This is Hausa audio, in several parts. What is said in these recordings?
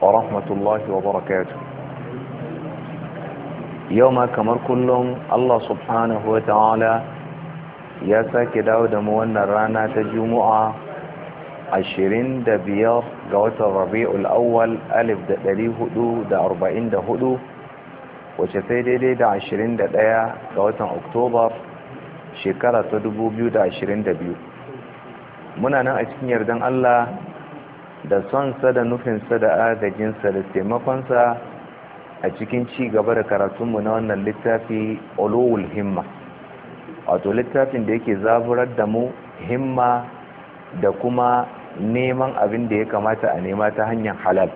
ورحمة الله وبركاته يوم كمر كلهم الله سبحانه وتعالى يا ساكي داود موانا رانا تجمع عشرين دبيار قوات الربيع الأول ألف دلي هدو دا أربعين دا هدو وشتيدي دي دا عشرين دا دايا قوات أكتوبر شكرة تدبو بيو دا عشرين دا بيو منا نا أتكين يردن الله da sonsa da nufinsa da agajinsa da taimakonsa a cikin ci gaba da karatunmu na wannan littafi olowul himma wato littafin da yake zaburar da mu himma da kuma neman abin da ya kamata a nema ta hanyar halal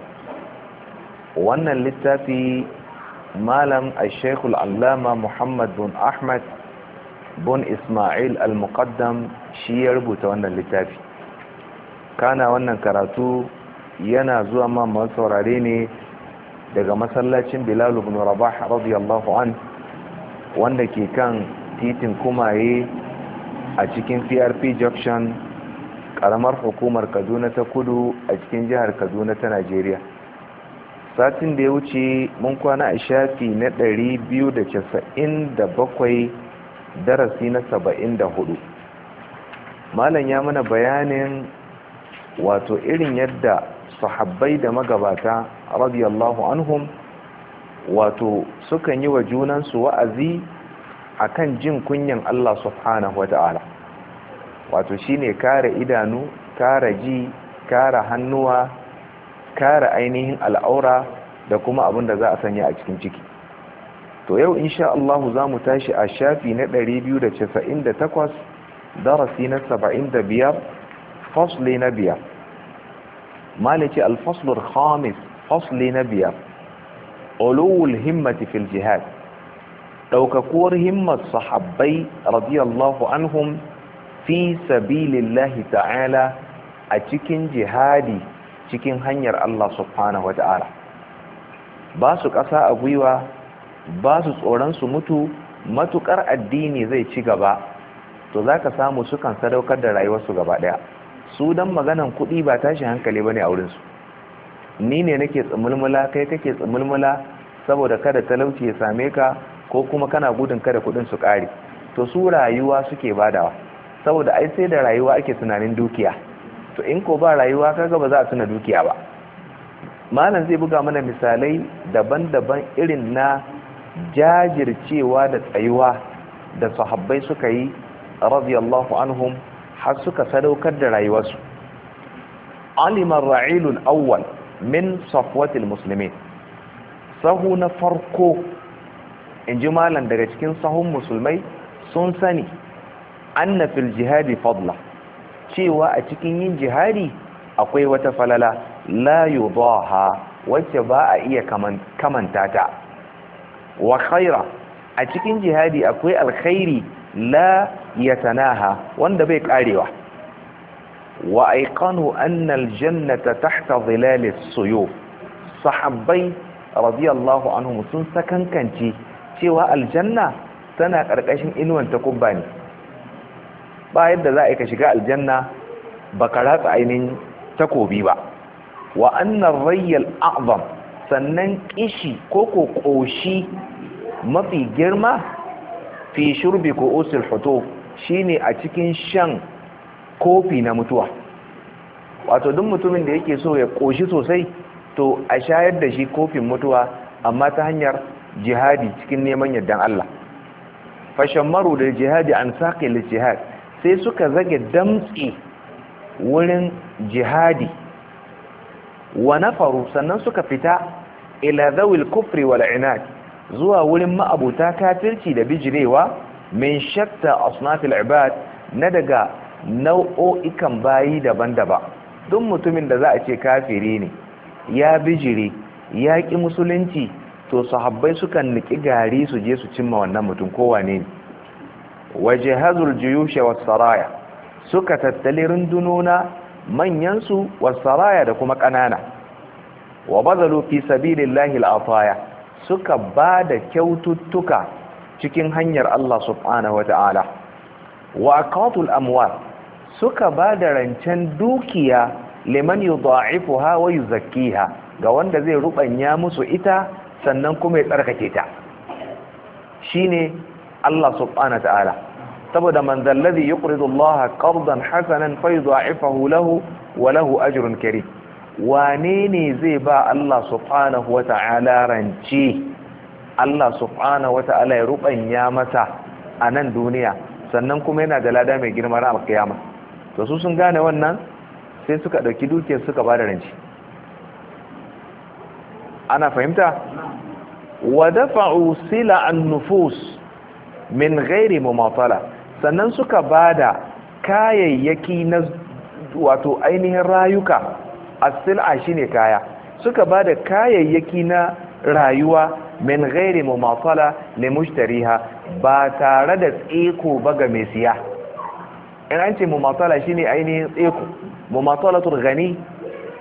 wannan littafi malam shekul allama muhammad bin ahmad bin ismail al-muqaddam shi ya rubuta wannan littafi kana wannan karatu yana zuwa ma saurare ne daga masallacin bilal ibn rabah radiyallahu an wanda ke kan titin kumaye a cikin prp junction karamar hukumar kaduna ta kudu a cikin jihar kaduna ta najeriya satin da ya wuce mun kwana a shafi na 297 darasi na 74 malam ya mana bayanin wato irin yadda sahabbai da magabata radiyallahu anhum wato sukan yi wa junansu wa'azi akan jin kunyan Allah subhanahu wa ta'ala wato shine kare idanu kare ji kare hannuwa kare ainihin al'aura da kuma abin da za a sanya a cikin ciki to yau insha Allah za mu tashi a shafi na 298 darasi na 75 fasli na biyar alfaslul khamis fasli na biyar ulul himmati fil jihad ɗaukakuwar himmar sahabbai radiyallahu anhum fi sabilillahi ta'ala a cikin jihadi cikin hanyar Allah subhanahu wata'ala ba su ƙasa a gwiwa ba su tsoron su mutu matukar addini zai ci gaba to za ka samu sukan sadaukar da rayuwarsu gaba ɗaya su dan maganan kuɗi ba tashin hankali ba ne a wurinsu ni ne nake tsamulmula kai kake tsamulmula saboda kada talauci ya same ka ko kuma kana gudun kada kuɗin su ƙare to su rayuwa suke badawa saboda ai sai da rayuwa ake tunanin dukiya to in ko ba rayuwa kaga ba za a tuna dukiya ba malam zai buga mana misalai daban-daban irin na jajircewa da tsayuwa da sahabbai suka yi radiyallahu anhum har suka sadaukar da rayuwarsu alimar ra'ilul awwal min safwatil musulmi sahu na farko in ji malam daga cikin sahun musulmai sun sani anna fil jihadi fadla cewa a cikin yin jihadi akwai wata falala la yudaha wacce ba a iya kamanta ta wa khaira a cikin jihadi akwai alkhairi la yatanaha wanda bai karewa wa aiqanu anna aljannata tahta dhilal as-suyuf sahabbai radiyallahu anhum sun sakankance cewa aljanna tana karkashin inuwan takubba ne ba yadda za a shiga aljanna baka ratsa ainihin takobi ba wa annan rayyal a'zam sannan kishi ko ko koshi mafi girma fi shurbi ko usul hoto shine a cikin shan kofi na mutuwa wato duk mutumin da yake so ya ƙoshi sosai to a shayar da shi kofin mutuwa amma ta hanyar jihadi cikin neman yardan Allah maru da jihadi an saƙi jihad sai suka zage damtsi wurin jihadi wa nafaru sannan suka fita ila zawil kufri wal inad zuwa wurin ma'abuta kafirci da bijirewa min shatta asnafil ibad na daga nau'o'ikan bayi daban-daban duk mutumin da za a ce kafiri ne ya bijire ya ƙi musulunci to sahabbai sukan niki gari su je su cimma wannan mutum kowane ne waje hazul juyushe saraya suka tattali rundununa manyansu saraya da kuma ƙanana wa bazalu fi sabilillahi afaya suka ba da kyaututtuka cikin hanyar Allah subhanahu wata'ala wa aqatul amwal suka ba da rancen dukiya liman yudha'ifuha wa yuzakkiha ga wanda zai ruɓanya musu ita sannan kuma ya tsarkake ta shine Allah subhanahu wata'ala saboda man zalladhi yuqridu Allah qardan hasanan fa yudha'ifahu lahu wa lahu ajrun kirim wane ne zai ba Allah subhanahu ta'ala rance Allah subhanahu ta'ala ya rubanya mata a nan duniya sannan kuma yana da lada mai girma na alkiyama to su sun gane wannan sai suka dauki dukiyar suka ba da rance ana fahimta wa dafa'u sila an-nufus min ghairi mumatala sannan suka ba da kayayyaki na wato ainihin rayuka as shine kaya suka ba da kayayyaki na rayuwa min ghairi mumatala li mushtariha ba tare da tseko ba ga mai siya in an ce mumatala shine ainihin tseko mumatalatul ghani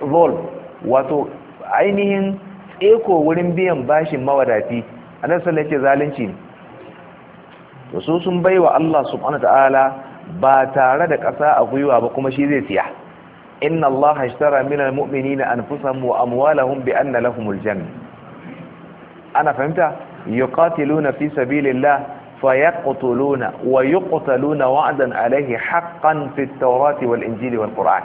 zol wato ainihin tseko wurin biyan bashin mawadati anan sallan ce zalunci ne to su sun baiwa Allah subhanahu ta'ala ba tare da ƙasa a gwiwa ba kuma shi zai siya inna Allah haishtara minan mu'mini na anfusan mu amuwala hun bi anna lahumul jami ana fahimta yi katiluna fi sabi lillah fa ya kutuluna wa yi kutaluna wa'adan alaihi haƙan fitawarati wal injili wal ƙura'i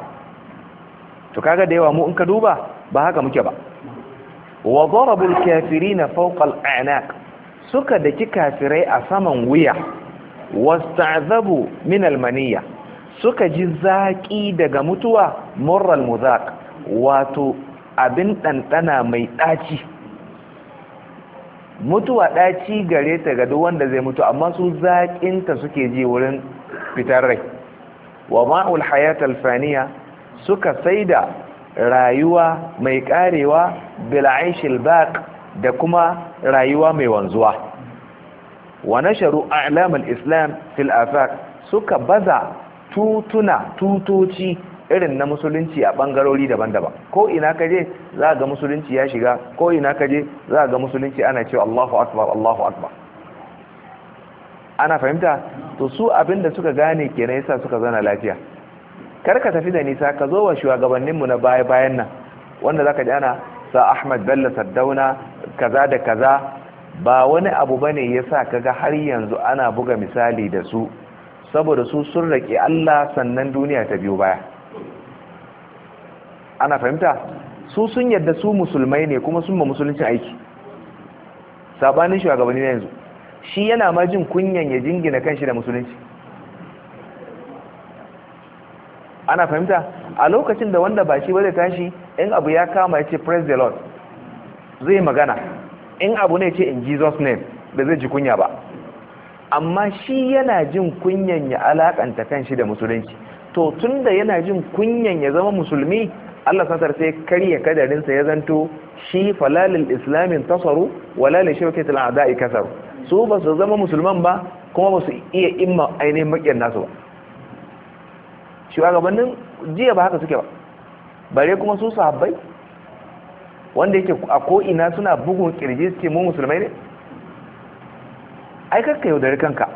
to kaga da yawa mu in ka duba ba haka muke ba wa zarabul kafirina na fauƙal suka daki kafirai a saman wuya wasu ta'azabu min almaniya suka ji zaƙi daga mutuwa moral muzaq wato abin ɗanɗana mai ɗaci mutuwa ɗaci gare ta ga duk wanda zai mutu amma su zaƙinta suke ji wurin fitar rai wa ma'ul hayat alfaniya suka saida rayuwa mai karewa bil aishil da kuma rayuwa mai wanzuwa wa nasharu a'lam islam fil afaq suka baza tutuna tutoci irin na musulunci a bangarori daban-daban ko ina kaje za ga musulunci ya shiga ko ina kaje za ga musulunci ana cewa Allahu akbar Allahu akbar ana fahimta to su abinda suka gane kenan yasa suka zana lafiya kar ka tafi da nisa ka zo wa shugabanninmu na baya-bayan nan wanda zaka ji ana sa Ahmad Bello Saddauna kaza da kaza ba wani abu bane yasa kaga har yanzu ana buga misali da su saboda su sun rake Allah sannan duniya ta biyu baya ana fahimta su sun yadda su musulmai ne kuma sun ma musuluncin aiki sabanin shugabanni na yanzu shi yana ma jin kunyan ya jingina kanshi da musulunci ana fahimta a lokacin da wanda ba shi ba zai tashi in abu ya kama ya ce praise the lord zai magana in abu ne ce in jesus name da zai ji kunya ba amma shi yana jin kunyan ya alakanta kan shi da musulunci to tun da yana jin kunyan ya zama musulmi Allah sasar sai karya kadarinsa ya zanto shi falalil islamin tasaru wala li shirkati al'ada'i kasaru su ba su zama musulman ba kuma ba su iya imma ainihin makiyar nasu ba gabanin jiya ba haka suke ba bare kuma su sahabbai wanda yake a ko'ina suna bugun kirji ce mu musulmai ne ai ka yaudari kanka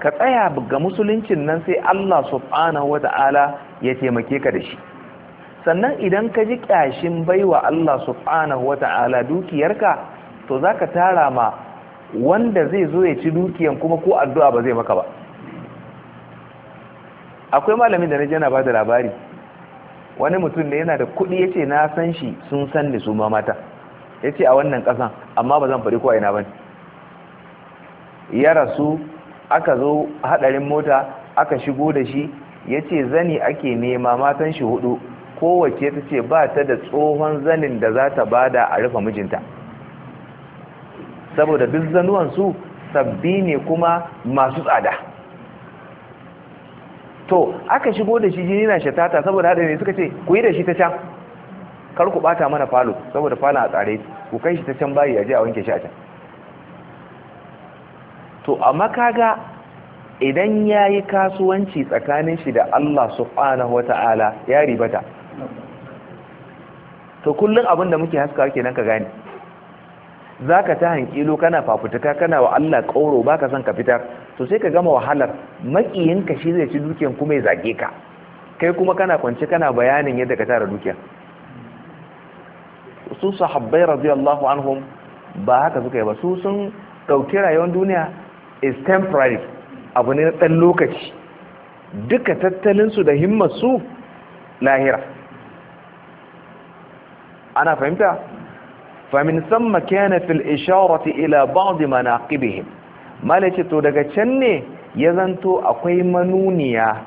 ka tsaya ga musuluncin nan sai Allah subhanahu wata'ala ya taimake ka da shi sannan idan ka ji kyashin baiwa Allah subhanahu wata'ala dukiyarka to za ka tara ma wanda zai zo ya ci dukiyan kuma ko addu'a ba zai maka ba akwai malamin da na jana ba da labari wani mutum ne yana da kuɗi ya ce na san shi sun san ni su ma mata ya ce a wannan ƙasan amma ba zan faɗi kowa ina ba ne ya rasu aka zo hadarin mota aka shigo da shi ya ce zani ake nema matan shi hudu kowace ta ce ba ta da tsohon zanin da za ta bada a rufe mijinta saboda duk zanuwansu sabbi ne kuma masu tsada to aka shigo da shi jini na shatata saboda haɗa ne suka ce ku yi da shi ta can kar ku bata mana falo saboda falon a tsare ku kai shi ta can bayi a je a wanke shi a can to amma kaga idan yayi kasuwanci tsakanin shi da Allah subhanahu wata'ala ya ribata to kullun abin da muke haskawa kenan ka gane zaka ta hankilo kana fafutuka kana wa Allah kauro baka son ka fitar to sai ka gama wahalar makiyinka shi zai ci dukiyan kuma ya zage ka kai kuma kana kwance kana bayanin yadda ka tara dukiyan su sahabbai radiyallahu anhum ba haka suka yi ba su sun dauki rayuwar duniya is temporary abu ne na ɗan lokaci duka tattalinsu da su lahira ana fahimta famin san makana fil isharati ila ba'd manaqibihim malace to daga can ne ya zanto akwai manuniya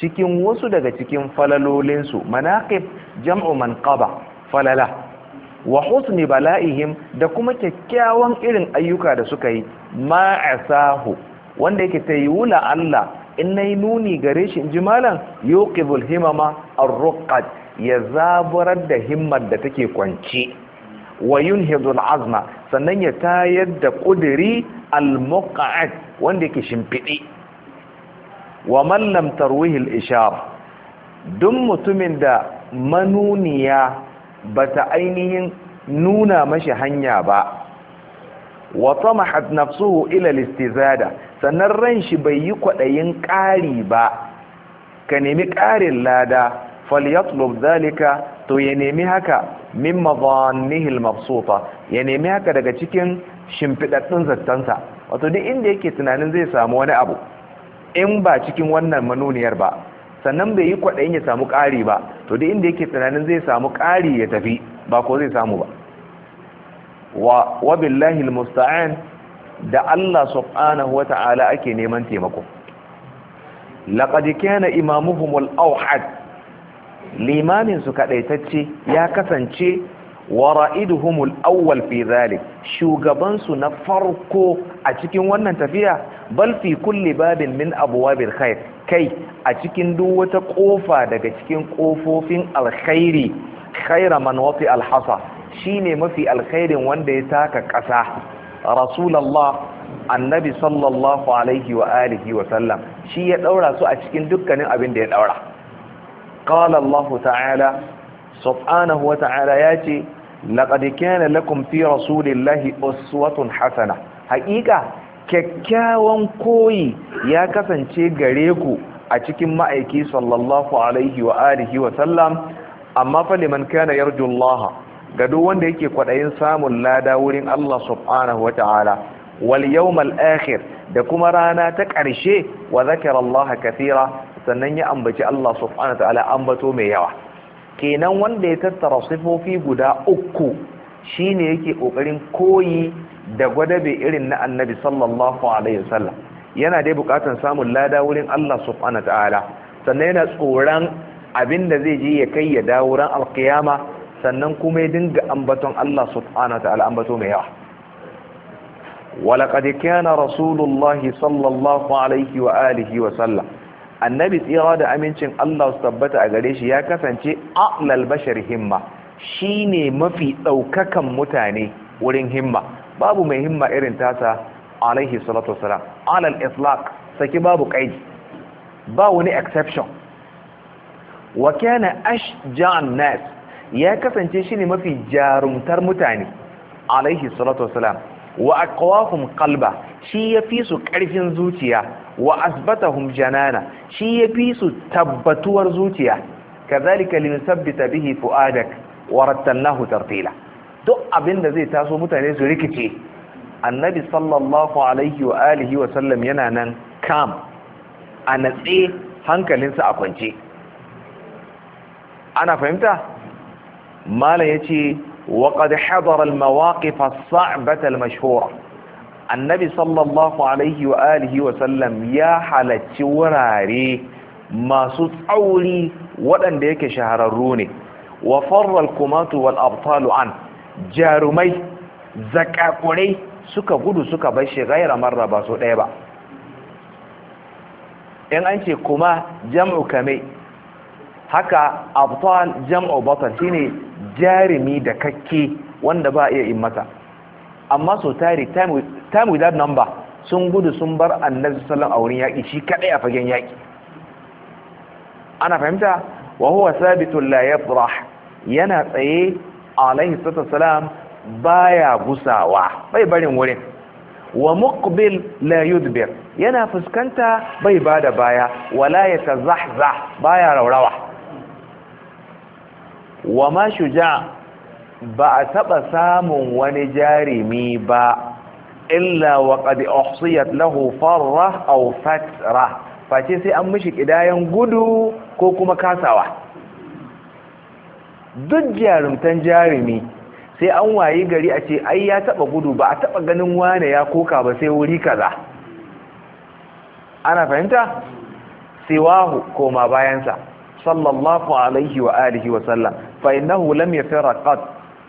cikin wasu daga cikin falalolinsu manaqib jam'u manqaba falala wa husni bala'ihim da kuma kyakkyawan irin ayyuka da suka yi ma'asahu wanda yake ta Allah in nayi nuni gare shi inji malam yuqibul himama ar ya zaburar da himmar da take kwanci wa yunhidul azma sannan ya tayar da kudiri al wanda yake shimfidi wa man lam tarwihi al-ishar mutumin da manuniya bata ainihin nuna mashi hanya ba wa tamahat nafsuhu ila listizada sannan ran shi bai yi kwaɗayin ƙari ba ka nemi ƙarin lada falyatlub zalika to ya nemi haka min madhannihi al ya nemi haka daga cikin shimfiɗaɗɗun zattansa wato duk inda yake tunanin zai samu wani abu in ba cikin wannan manuniyar ba sannan bai yi kwaɗayin ya samu ƙari ba to da inda yake tunanin zai samu ƙari ya tafi ba ko zai samu ba wa billahi almusta'an da Allah subhanahu wata'ala ake neman taimako laqad kana imamuhum al-awhad limamin su kadaitacce ya kasance wara'iduhumul ra'iduhumul awwal fi zalik shugaban su na farko a cikin wannan tafiya bal fi kulli babin min abwabil khair kai a cikin duk wata kofa daga cikin kofofin alkhairi khaira man wati alhasa shine mafi alkhairin wanda ya taka kasa rasulullah annabi sallallahu alaihi wa alihi wa sallam shi ya daura su a cikin dukkanin abin da ya daura qala allah ta'ala subhanahu wa ta'ala yace laqad kana lakum fi rasulillahi uswatun hasana haƙiƙa kyakkyawan koyi ya kasance gare ku a cikin ma'aiki sallallahu alaihi wa alihi wa sallam amma fa liman kana yarju Allah ga duk wanda yake kwadayin samun lada wurin Allah subhanahu wa ta'ala wal yawmal akhir da kuma rana ta ƙarshe wa zakara Allah kathira sannan ya ambaci Allah subhanahu wa ta'ala ambato mai yawa kenan wanda ya tattara sifofi guda uku shine yake kokarin koyi da gwadabe irin na annabi sallallahu alaihi wasallam yana dai bukatan samun lada wurin Allah subhanahu ta'ala sannan yana tsoron abinda zai je ya kai ya dawo ran alkiyama sannan kuma ya dinga ambaton Allah subhanahu ta'ala ambato mai yawa ولقد كان رسول rasulullahi sallallahu alaihi عليه وآله annabi tsira da amincin Allah su tabbata a gare shi ya kasance a'lal bashar himma shine mafi daukakan mutane wurin himma babu mai himma irin tasa alaihi salatu wasalam alal islaq saki babu kaiji ba wani exception wa kana ashja'an nas ya kasance shine mafi jarumtar mutane alaihi salatu wasalam wa aqwahum qalba shi yafi su karfin zuciya wa asbatahum janana shi ya fi su tabbatuwar zuciya kazalika linusabbita bihi fuadak wa rattalnahu tartila duk abinda zai taso mutane su rikice annabi sallallahu alaihi wa alihi wa sallam yana nan kam a natse hankalinsa a kwance ana fahimta malam yace wa qad hadara al mawaqif as al mashhura annabi sallallahu alaihi wa alihi wa sallam ya halacci wurare masu tsauri waɗanda yake shahararru ne wa farwal kumatu wal abtalu an jarumai zakakurai suka gudu suka bar shi gaira marra ba so ɗaya ba in an ce kuma jam'u kame haka abtal jam'u batal shine jarumi da kakke wanda ba a iya in amma so tari time without number sun gudu sun bar annabi sallallahu a wurin yaƙi shi kaɗai a fagen yaƙi ana fahimta wa huwa sabitun la yafrah yana tsaye alaihi Sallam, baya gusawa bai barin wurin wa muqbil la yudbir yana fuskanta bai bada baya wala yatazahzah baya raurawa wa ma shuja' ba a taɓa samun wani jarimi ba illa wa qad uhsiyat lahu farra aw fatra face sai an mishi kidayan gudu ko kuma kasawa duk jarumtan jarumi sai an wayi gari a ce ai ya taba gudu ba a taba ganin wane ya koka ba sai wuri kaza ana fahimta siwahu koma bayansa sallallahu alaihi wa alihi wa sallam fa innahu lam yafira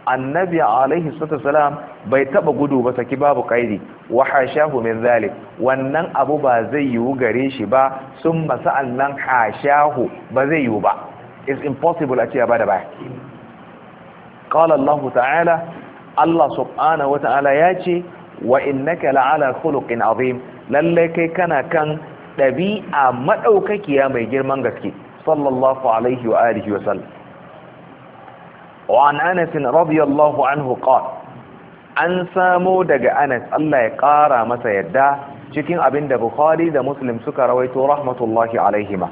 annabi alaihi salam bai taba gudu ba saki babu kaidi wa hashahu min zalik wannan abu ba zai yiwu gare shi ba sun masa'an hashahu ba zai yiwu ba it's impossible a ce ba da baya qala Allah ta'ala Allah subhanahu wa ta'ala ya ce wa innaka la'ala khuluqin azim lalle kai kana kan dabi'a madaukakiya mai girman gaske sallallahu alaihi wa alihi wa sallam وعن أنس رضي الله عنه قال أن سامو دق أنس الله يقارى ما سيدى شكين أبن دبو خالي دا مسلم سكر ويتو رحمة الله عليهما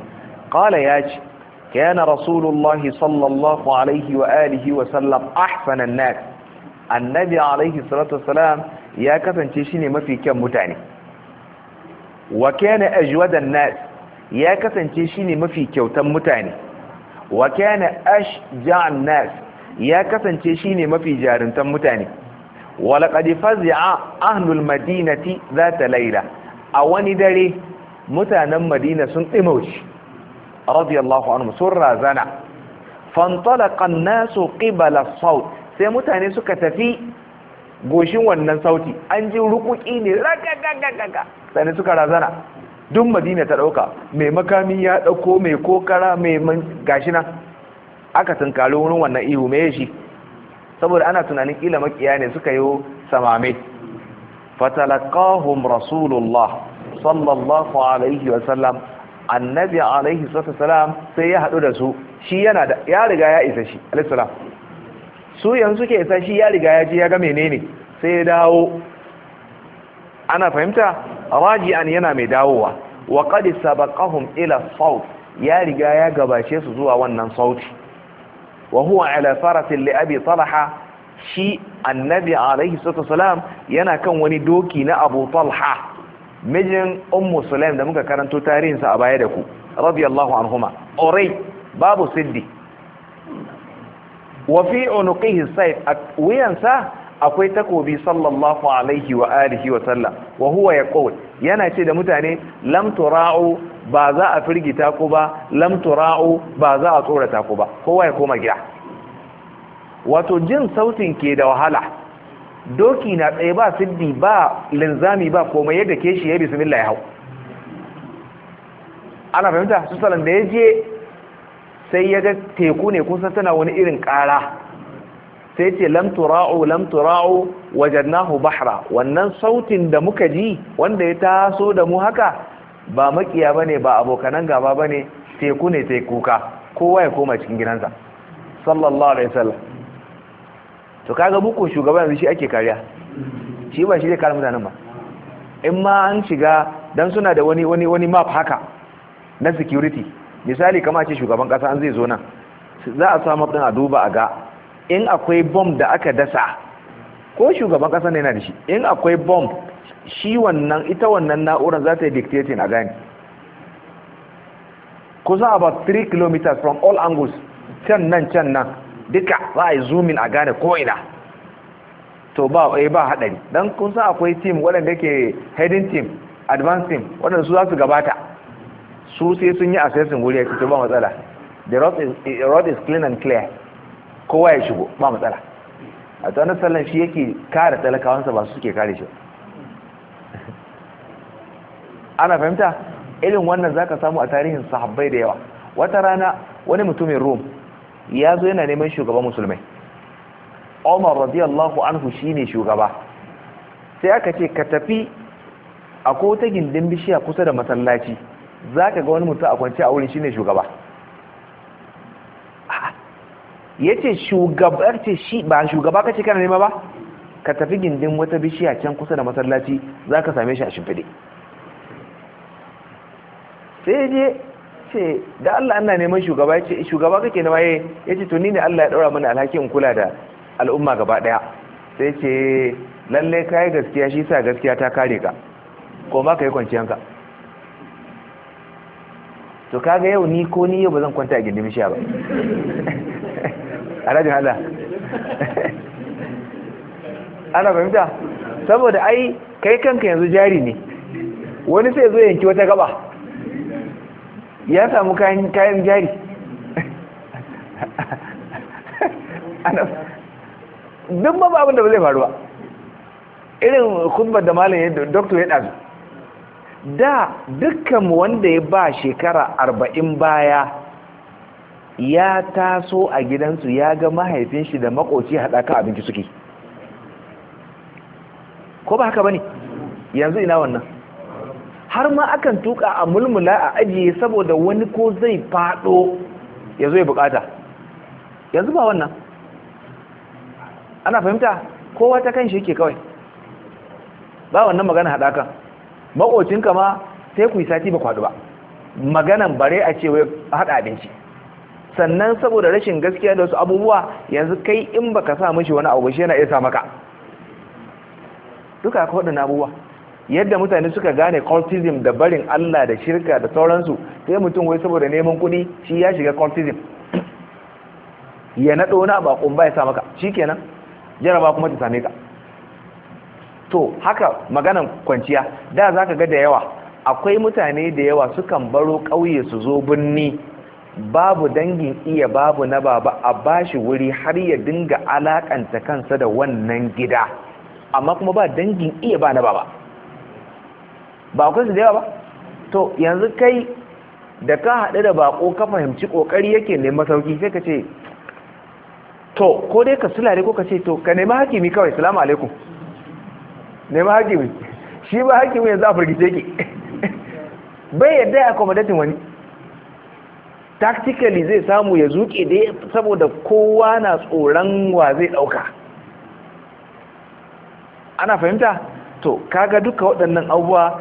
قال يا ياج كان رسول الله صلى الله عليه وآله وسلم أحسن الناس النبي عليه الصلاة والسلام يا كفن تشيني ما في كم متاني وكان أجود الناس يا كفن تشيني ما في كوتم متاني وكان أشجع الناس ya kasance shi ne mafi jarintan mutane walaqad fazi'a ahlul madinati ta laila a wani dare mutanen madina sun dimauci radiyallahu anhu sun razana fantalaqa nasu qibala saut sai mutane suka tafi goshin wannan sauti an ji rukuki ne ragagagaga sai suka razana duk madina ta ɗauka. mai makami ya dauko mai kokara mai gashi nan aka tunkari wurin wannan ihu me shi saboda ana tunanin kila makiya ne suka yi samame fatalakahun rasulullah sallallahu alaihi wa sallam annabi alaihi sallam sai ya haɗu da su shi yana da ya riga ya isa shi alisalam su yanzu ke isa shi ya riga ya ji ya ga menene sai ya dawo ana fahimta an yana mai dawowa wa qad sabaqahum ila sawt ya riga ya gabace su zuwa wannan sauti wa huwa ala farasin li shi annabi alaihi salatu wasalam yana kan wani doki na abu talha mijin ummu sulaim da muka karanto tarihinsa a baya da ku radiyallahu anhuma orai babu siddi wuyansa akwai takobi sallallahu alaihi wa alihi wa sallam wa huwa yaqul yana ce da mutane lam tura'u ba za a firgita ku ba lam tura'u ba za a tsorata ku ba kowa ya koma gida wato jin sautin ke da wahala doki na tsaye ba siddi ba linzami ba komai yadda ke shi ya bismillah ya hau ana fahimta su salam da ya je sai ya ga teku ne kusa tana wani irin kara sai ce lam tura'u wajen nahu bahra wannan sautin da muka ji wanda ya taso da mu haka ba makiya bane ba abokanan gaba bane teku ne sai kuka kowa ya koma cikin gidansa sallallahu alaihi wasallam to kaga muku shugaban yanzu shi ake kariya shi ba shi zai kare mutanen ba in ma an shiga dan suna da wani wani wani map haka na security misali kamar ce shugaban kasa an zai zo nan za a samu din a duba a ga in akwai bomb da aka dasa ko shugaban kasa ne yana da shi in akwai bomb shi wannan ita wannan na'urar za ta yi dictating a gani kusa about 3 km from all angles can nan can nan duka za a yi zoomin a gane ko'ina to ba a eh, ba haɗari don kun akwai team waɗanda ke heading team advanced team waɗanda su za su gabata su sai sun yi assessing wuri ya fito ba matsala the eh, road is clean and clear kowa ya shigo ba matsala a tsanar sallan shi yake kare talakawansa ba su suke kare shi ana fahimta irin wannan zaka samu a tarihin sahabbai da yawa wata rana wani mutumin rom ya zo yana neman shugaban musulmai Omar radiyallahu anhu ne shugaba sai aka ce ka tafi a kota gindin bishiya kusa da masallaci ka ga wani mutum a kwance a wurin shi ne shugaba ce shugabar ce shi ba shugaba ka ce kana nema ba ka tafi gindin wata bishiya can kusa da masallaci ka same shi a shimfide sai je ce da Allah ana neman shugaba ya ce eh, shugaba kake na waye ya ce tuni ne Allah ya daura mana alhakin kula da al'umma gaba daya sai ce lallai kai gaskiya shi sa gaskiya ta kare ka ko ma kai kwanciyanka to kaga yau ni ko ni yau ba zan kwanta a gindin bishiya ba a rajin Allah ana fahimta saboda ai kai kanka yanzu jari ne wani sai zo yanki wata gaba ya samu kayan jari duk ba abin da ba zai faru ba irin kumbar da malin yadda doktor ya ɗazu da dukkan wanda ya ba shekara arba'in baya ya taso a gidansu ya ga mahaifinshi da makoci haɗaka abinci suke ko ba haka ba ne yanzu ina wannan har ma akan tuka a mulmula a ajiye saboda wani ko zai fado ya zo ya bukata yanzu ba wannan ana fahimta kowa ta kan shi yake kawai ba wannan magana haɗakan maƙocinka ma sai ku yi sati ba kwaɗu ba maganan bare a ce wai haɗa abinci sannan saboda rashin gaskiya da wasu abubuwa yanzu kai in baka sa mishi wani abu shi yana iya sa maka duka ka waɗanda abubuwa yadda mutane suka gane cultism da barin Allah da shirka da sauransu sai mutum wai saboda neman kudi shi ya shiga cultism ya naɗo na ba ba ya sa maka shikenan jaraba kuma ta same ka to haka maganan kwanciya da zaka ga da yawa akwai mutane da yawa sukan baro ƙauye su zo birni babu dangin iya babu na baba a bashi wuri har ya dinga alakanta kansa da wannan gida amma kuma ba dangin iya ba na baba ba akwai su da yawa ba to yanzu kai da ka haɗu da bako ka fahimci ƙoƙari yake neman sauki sai ka ce to ko dai ka sulare ko ka ce to ka nemi hakimi kawai salamu alaikum nemi hakimi shi ba hakimi yanzu a firgice ki bai yadda ya kwamadatin wani tactically zai samu ya zuke dai saboda kowa na tsoron wa zai ɗauka ana fahimta to kaga duka waɗannan abubuwa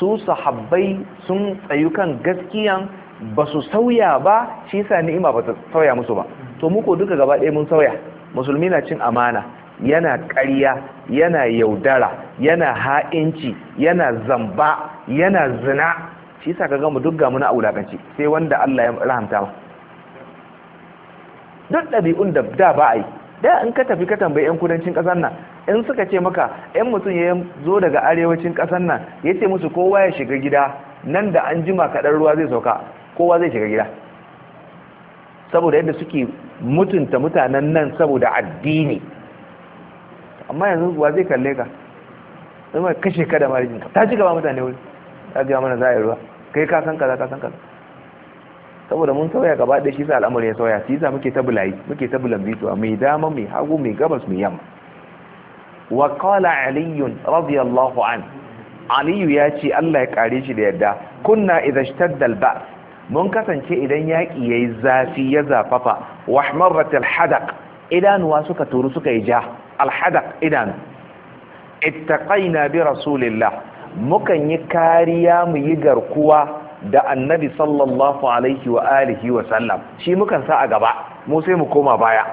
su sahabbai sun tsayu kan gaskiyan ba su sauya ba shi yasa ni'ima ba ta sauya musu ba to muku duka gaba ɗaya mun sauya musulmi na cin amana yana ƙarya yana yaudara yana ha'inci yana zamba yana zina shi ka kaga mu duk ga mu na sai wanda Allah ya rahamta ma duk ɗabi'un da da ba a yi da in ka tafi ka tambayi 'yan kudancin kasar nan in suka ce maka 'yan mutum ya zo daga arewacin kasar nan ya ce musu kowa ya shiga gida nan da an jima kaɗan ruwa zai sauka kowa zai shiga gida saboda yadda suke mutunta mutanen nan saboda addini amma yanzu wa zai kalle ka zama kashe ka da marijin ta ci gaba mutane wuri ta ji mana za a yi ruwa kai ka san kaza ka san kaza saboda mun sauya gaba ɗaya shi al'amari ya sauya shi yasa muke ta bulayi muke ta bulambituwa mai dama mai hagu mai gabas mai yamma wa qala radiyallahu an aliyu ya ce Allah ya kare shi da yadda kunna idza ishtadda al-ba's mun kasance idan yaki yayi zafi ya zafafa wa ahmarat al-hadaq idanuwa suka turu suka yi ja al-hadaq idanu ittaqaina bi rasulillah mukan yi kariya mu yi garkuwa da annabi sallallahu alaihi wa alihi wa sallam shi mukan sa a gaba mu sai mu koma baya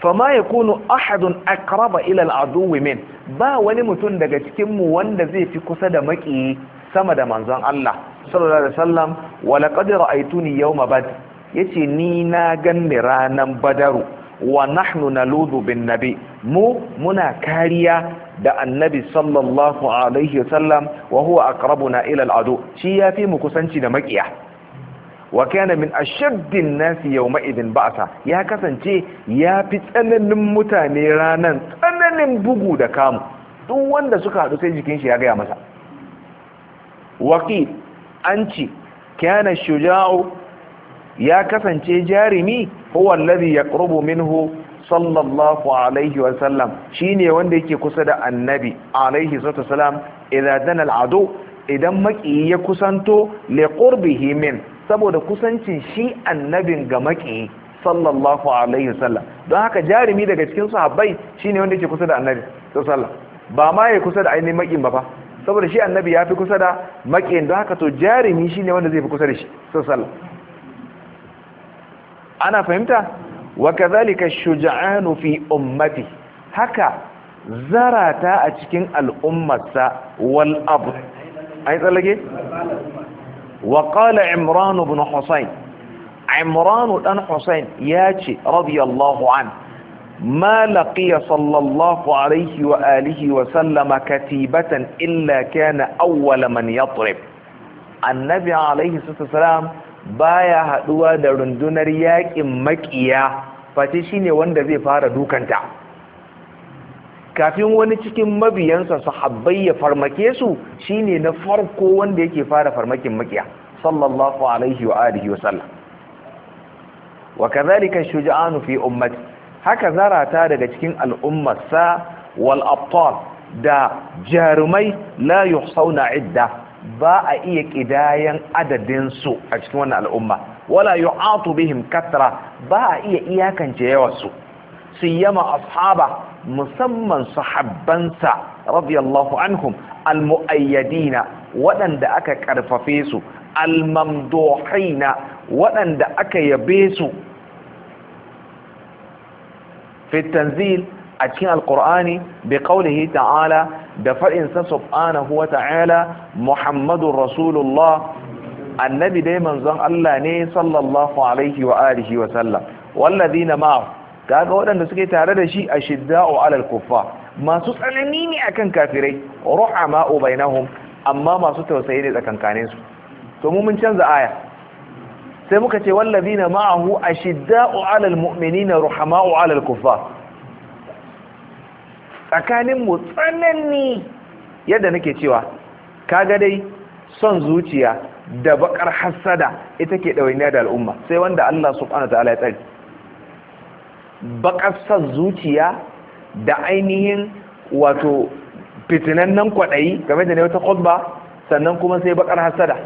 fama yakunu ahadun akraba ila al'aduwi min ba wani mutum daga cikinmu wanda zai fi kusa da maki sama da manzon Allah sallallahu alaihi wa sallam wa laqad ra'aytuni yawma badr yace ni na ganni ranan badaru wa nahnu naludu bin nabi mu muna kariya da annabi sallallahu alaihi wasallam wa huwa aqrabuna ila al'adu shi yafi mu kusanci da makiya wa kana min ashaddin nasi yawma idin ba'sa ya kasance yafi tsananin mutane ranan tsananin bugu da kamu duk wanda suka hadu sai jikin shi ya gaya masa waqi an kana shuja'u ya kasance jarimi wallazi ya yaqrubu minhu sallallahu alaihi wa sallam shine wanda yake kusa da annabi alaihi sallatu wasallam idan dana al'adu idan maki ya kusanto li qurbihi min saboda kusancin shi annabin ga maki sallallahu alaihi wa sallam don haka jarimi daga cikin sahabbai shine wanda yake kusa da annabi sallallahu ba ma ya kusa da ainihin makin ba fa saboda shi annabi ya fi kusa da makin don haka to jarimi shine wanda zai fi kusa da shi sallallahu ana fahimta wa kadhalika shuja'anu fi ummati haka zarata a cikin al'ummarsa wal abu ai tsallake wa qala imran ibn husayn imran dan husayn yace radiyallahu an ma laqiya sallallahu alaihi wa alihi wa sallama katibatan illa kana awwala man yatrib annabi alaihi sallallahu baya haduwa da rundunar yakin makiya fati shine wanda zai fara dukanta kafin wani cikin mabiyansa sahabbai ya farmake su shine na farko wanda yake fara farmakin makiya sallallahu alaihi wa alihi wa sallam wa kadhalika shuja'an fi ummati haka zarata daga cikin sa wal abtal da jarumai la yuhsauna idda ba a iya kidayan adadin su a cikin wannan al'umma wala yu'atu bihim kathra ba a iya iyakance yawan su siyama ashaba musamman sahabbansa radiyallahu anhum almuayyadina waɗanda aka karfafe su almamduhina waɗanda aka yabe su fi tanzil a cikin alkur'ani bi qaulihi ta'ala da faɗin sa subhanahu wa ta'ala muhammadur rasulullah annabi dai manzon Allah ne sallallahu alaihi wa alihi wa sallam walladina ma'a kaga waɗanda suke tare da shi ashidda'u 'alal kuffar masu tsanani ne akan kafirai ruhama'u bainahum amma masu tausayi ne tsakankanin su to mu mun canza aya sai muka ce na ma'ahu ashidda'u 'alal mu'minina ruhama'u 'alal kuffar mu tsanani yadda nake cewa kaga dai son zuciya da bakar hassada ita ke ɗawainiya da al'umma sai wanda Allah subhanahu wa ta'ala ya tsari bakar son zuciya da ainihin wato nan kwaɗayi game da ne wata kwabba sannan kuma sai bakar hassada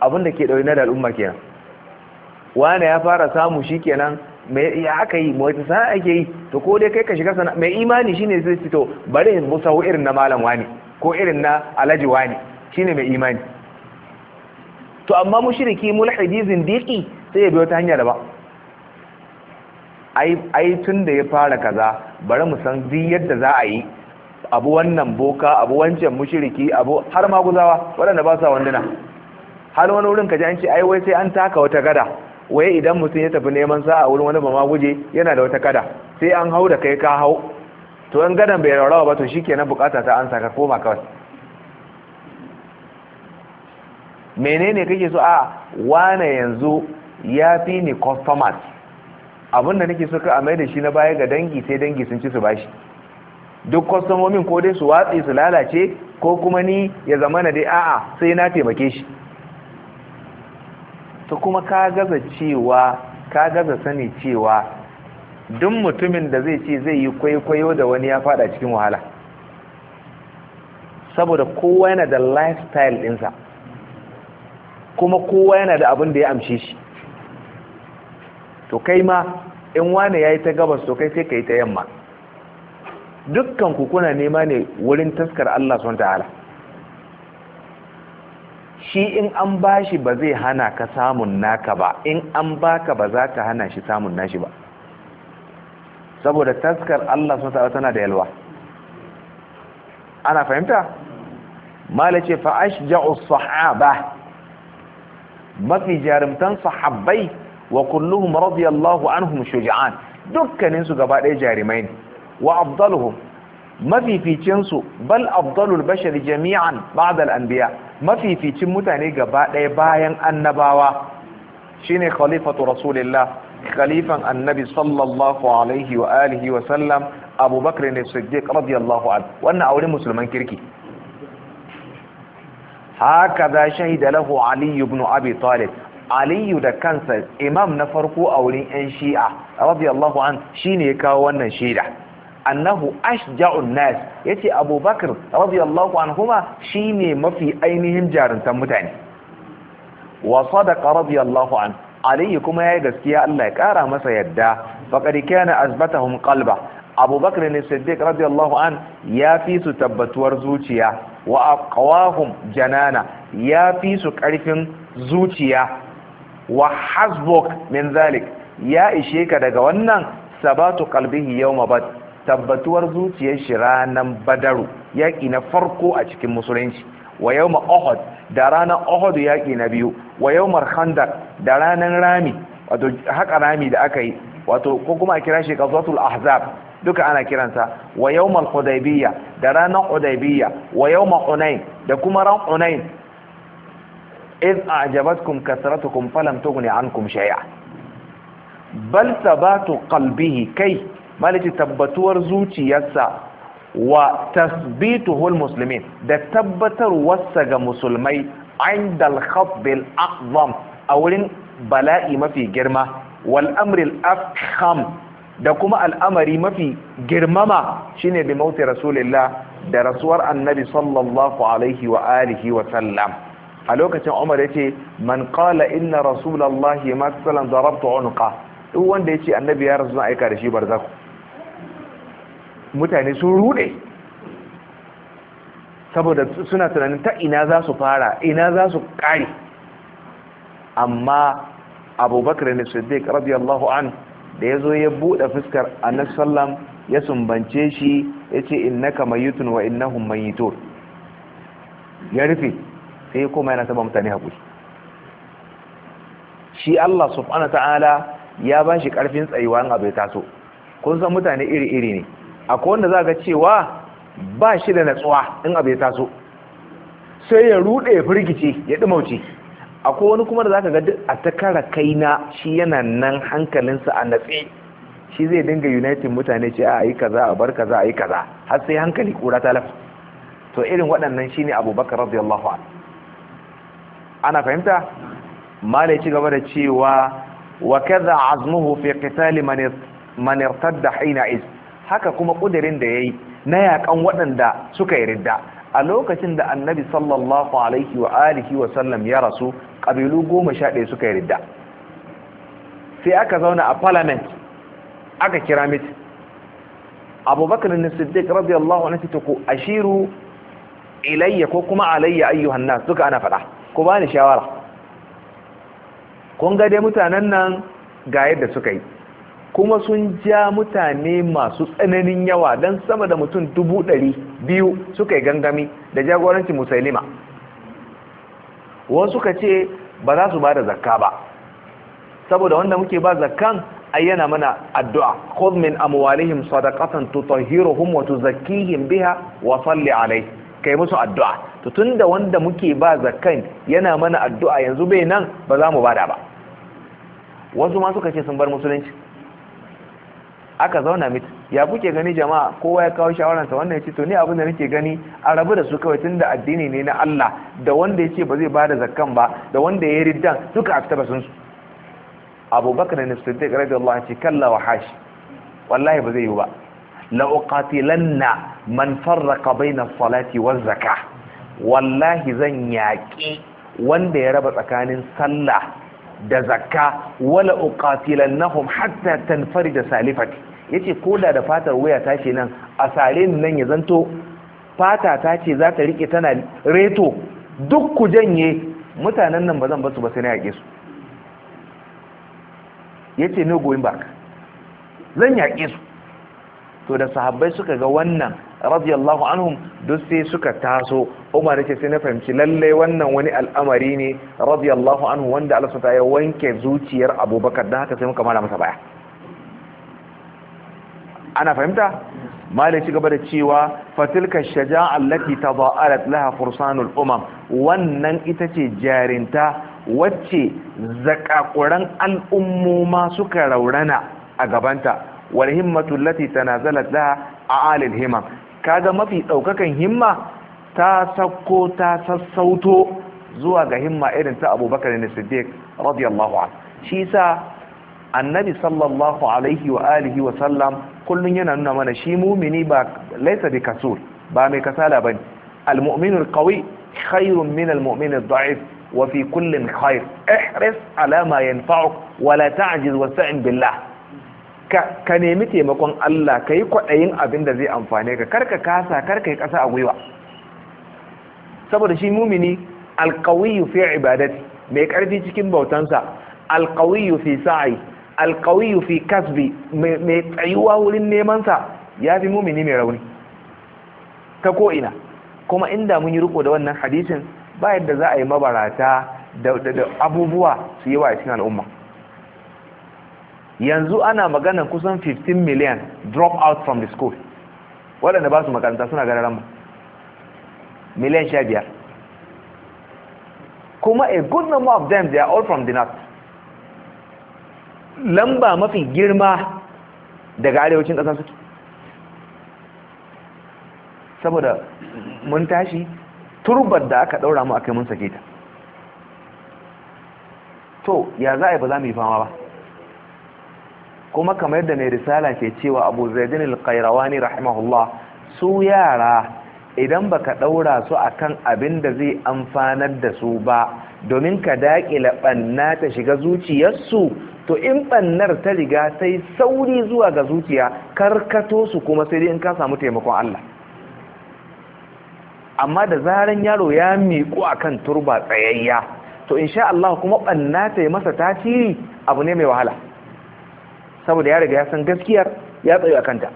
abinda ke ɗawainiya da al'umma kenan wane ya fara samu shi kenan ya aka yi wata sana'a ake yi to ko dai kai ka shiga sana'a mai imani shine zai fito bari in musa irin na malam wani ko irin na alaji wani shine mai imani to amma mushriki mulhidi zindiki sai ya bi wata hanya da ba ai ai tun ya fara kaza bari mu san duk yadda za a yi abu wannan boka abu wancan mushriki abu har maguzawa waɗanda ba sa wanduna har wani wurin ji an ce ai wai sai an taka wata gada waye idan mutum ya tafi neman sa'a wurin wani ba ma guje yana da wata kada sai an hau da kai ka hau to in gadan bai rawa ba to shikenan bukata ta an ka koma kawai menene kake so a wane yanzu ya fi ni customers abinda nake so ka amai da shi na baya ga dangi sai dangi sun ci su bashi duk kwastomomin ko dai su watsi su lalace ko kuma ni ya zama na dai a'a sai na taimake shi to kuma ka gaza cewa ka gaza sani cewa duk mutumin da zai ce zai yi kwaikwayo da wani ya fada cikin wahala saboda kowa yana da lifestyle ɗinsa kuma kowa yana da abin da ya amshe shi to kai ma in wane ya yi ta gabas to kai sai ka yi ta yamma dukkan kukuna kuna nema ne wurin taskar Allah sun ta'ala shi in an bashi ba zai hana ka samun naka ba in an baka ba za ka hana shi samun nashi ba saboda taskar Allah sun tana da yalwa ana fahimta malace fa ashja'u sahaba mafi jarumtan sahabbai wa kulluhum radiyallahu anhum shuja'an dukkanin su gaba ɗaya jarumai ne wa afdaluhum mafificinsu bal afdalul bashari jami'an ba'da al-anbiya mafificin mutane gaba ɗaya bayan annabawa shine khalifatu rasulillah khalifan annabi sallallahu alaihi wa alihi wa sallam abubakar ne radiyallahu an wannan aure musulman kirki haka za shahida lahu Aliyu ibn abi talib aliyu da kansa imam na farko a wurin 'yan shi'a radiyallahu an ne ya kawo wannan shaida annahu ashja'un nas yace abubakar radiyallahu anhuma shine mafi ainihin jarintan mutane wa sadaqa radiyallahu an ali kuma yayi gaskiya Allah ya kara masa yadda faqad kana azbatahum qalba abubakar ne siddiq radiyallahu an ya fi su tabbatuwar zuciya wa aqwahum janana ya fi su karfin zuciya wa hasbuk min zalik ya ishe ka daga wannan sabatu qalbihi yawma bad tabbatuwar zuciyar shi ranan badaru yaƙi na farko a cikin musulunci wa yawma uhud da ranar uhud yaƙi na biyu wa yawmar da ranar rami wato haka rami da aka yi wato ko kuma a kira shi ghazwatul ahzab duka ana kiransa wa yawmal hudaybiyya da ranar hudaybiyya wa yawma da kuma ran hunain iz a'jabatkum kasratukum falam an ankum shay'a bal thabatu kalbihi kai maliki tabbatuwar zuciyarsa wa tasbituhul muslimin da tabbatarwarsa ga musulmai inda al-khabbil a wurin bala'i mafi girma wal amril afkham da kuma al'amari mafi girmama shine bi mauti rasulillah da rasuwar annabi sallallahu alaihi wa alihi wa sallam a lokacin umar yace man qala inna rasulallahi masalan darabtu unqa duk wanda yace annabi ya rasu aika da shi barzaku mutane sun rude saboda suna tunanin ta ina za su fara ina za su kare amma abubakar ne siddiq radiyallahu an da ya zo ya buɗe fuskar annabi sallam ya sumbance shi ya ce innaka mayitun wa yi mayitun ya rufe sai ya koma yana saba mutane haƙuri shi Allah subhanahu ta'ala ya ba shi ƙarfin tsayuwa abu ya taso kun san mutane iri-iri ne akwai wanda za ga cewa ba shi da natsuwa in abu ya taso sai ya rude ya firgice ya dumauce akwai wani kuma da za ka ga duk a ta kara kaina shi yana nan hankalinsa a natsi shi zai dinga united mutane ce a yi kaza a bar kaza a yi kaza har sai hankali kura ta to irin waɗannan shine abubakar radiyallahu an ana fahimta ya ci gaba da cewa wa kaza azmuhu fi qitali man irtadda hina haka kuma kudirin da ya yi na yaƙan waɗanda suka yi ridda a lokacin da annabi sallallahu alaihi wa alihi wa sallam ya rasu ƙabilu goma sha ɗaya suka yi ridda sai aka zauna a parliament aka kira mit, abubakar na siddiq radiyallahu anhu ta ku ashiru ilayya ko kuma alayya ayyuhan nas duka ana faɗa ko bani shawara kun ga dai mutanen nan ga yadda suka yi kuma sun ja mutane masu tsananin yawa don sama da mutum dubu ɗari biyu suka yi gangami da jagoranci musulima wasu suka ce ba za su ba da zakka ba saboda wanda muke ba zakkan ayyana mana addu'a khudh min amwalihim sadaqatan tutahhiruhum wa tuzakkihim biha wa salli kai musu addu'a to da wanda muke ba zakkan yana mana addu'a yanzu bai nan ba za mu bada ba wasu ma suka sun bar musulunci aka zauna mit ya kuke gani jama'a kowa ya kawo shawararsa wannan yace to ni abin da nake gani a rabu da su kawai tunda addini ne na Allah da wanda yace ba zai bada zakkan ba da wanda yayi riddan duka a fita basun su Abubakar ibn Siddiq radiyallahu anhu kalla wa hash wallahi ba zai yi ba la uqatilanna man farraqa bayna salati wa zakah wallahi zan yaki wanda ya raba tsakanin sallah da zakka wala uqatilannahum hatta tanfarida salifati yace koda da fatar waya ta ce nan a sare nan ya zanto fata ta ce za ta rike tana reto duk ku janye mutanen nan ba zan basu ba sai na yake su yace no going back zan yake su to da sahabbai suka ga wannan radiyallahu anhum duk sai suka taso umar yake sai na fahimci lalle wannan wani al'amari ne radiyallahu anhu wanda Allah subhanahu ya wanke zuciyar abubakar da haka sai muka mara masa baya ana fahimta malai ci gaba da cewa fatilka shaja'a allati tada'alat laha fursanul umam wannan ita ce jarinta wacce zakakuran al'ummoma suka raurana a gabanta wal himmatu allati tanazalat laha a alil himam kaga mafi ɗaukakan himma ta sauko ta sassauto zuwa ga himma irin ta abubakar ne siddiq radiyallahu shi sa annabi sallallahu alaihi wa alihi wa sallam kullun yana nuna mana shi mumini ba laisa bi kasur ba mai kasala bane al-mu'minu khairun min al-mu'min daif wa fi kullin khair ihris ala ma yanfa'uk wa la ta'jiz wasta'in billah ka nemi taimakon Allah ka yi kwaɗayin abin da zai amfane ka karka kasa karka yi ƙasa a gwiwa saboda shi mumini alƙawiyu fi ibadat mai ƙarfi cikin bautansa alƙawiyu fi sa'i alƙawiyu fi kasbi mai tsayuwa wurin nemansa ya fi mumini mai rauni ta ko'ina kuma inda mun yi riko da wannan hadisin ba yadda za a yi mabarata da abubuwa su yi wa cikin al'umma yanzu ana magana kusan 15 million drop out from the school waɗanda ba su makaranta suna gararan mu miliyan 15 kuma a good number of them they are all from the north lamba mafi girma daga arewacin ƙasa suke saboda mun tashi turbar da aka ɗaura mu a kai mun sake ta to ya za a yi ba za mu yi fama ba kuma kamar yadda mai risala ke cewa abu zaidin alƙairawani rahimahullah su yara idan baka ɗaura su akan abin da zai amfanar da su ba domin ka daƙila ɓanna ta shiga zuciyarsu to in ɓannar ta riga sai sauri zuwa ga zuciya karkato su kuma sai dai in ka samu taimakon Allah amma da zaran yaro ya miƙo akan turba tsayayya to insha Allah kuma ɓanna ta yi masa tasiri abu ne mai wahala saboda ya riga ya san gaskiyar ya tsayo a kanta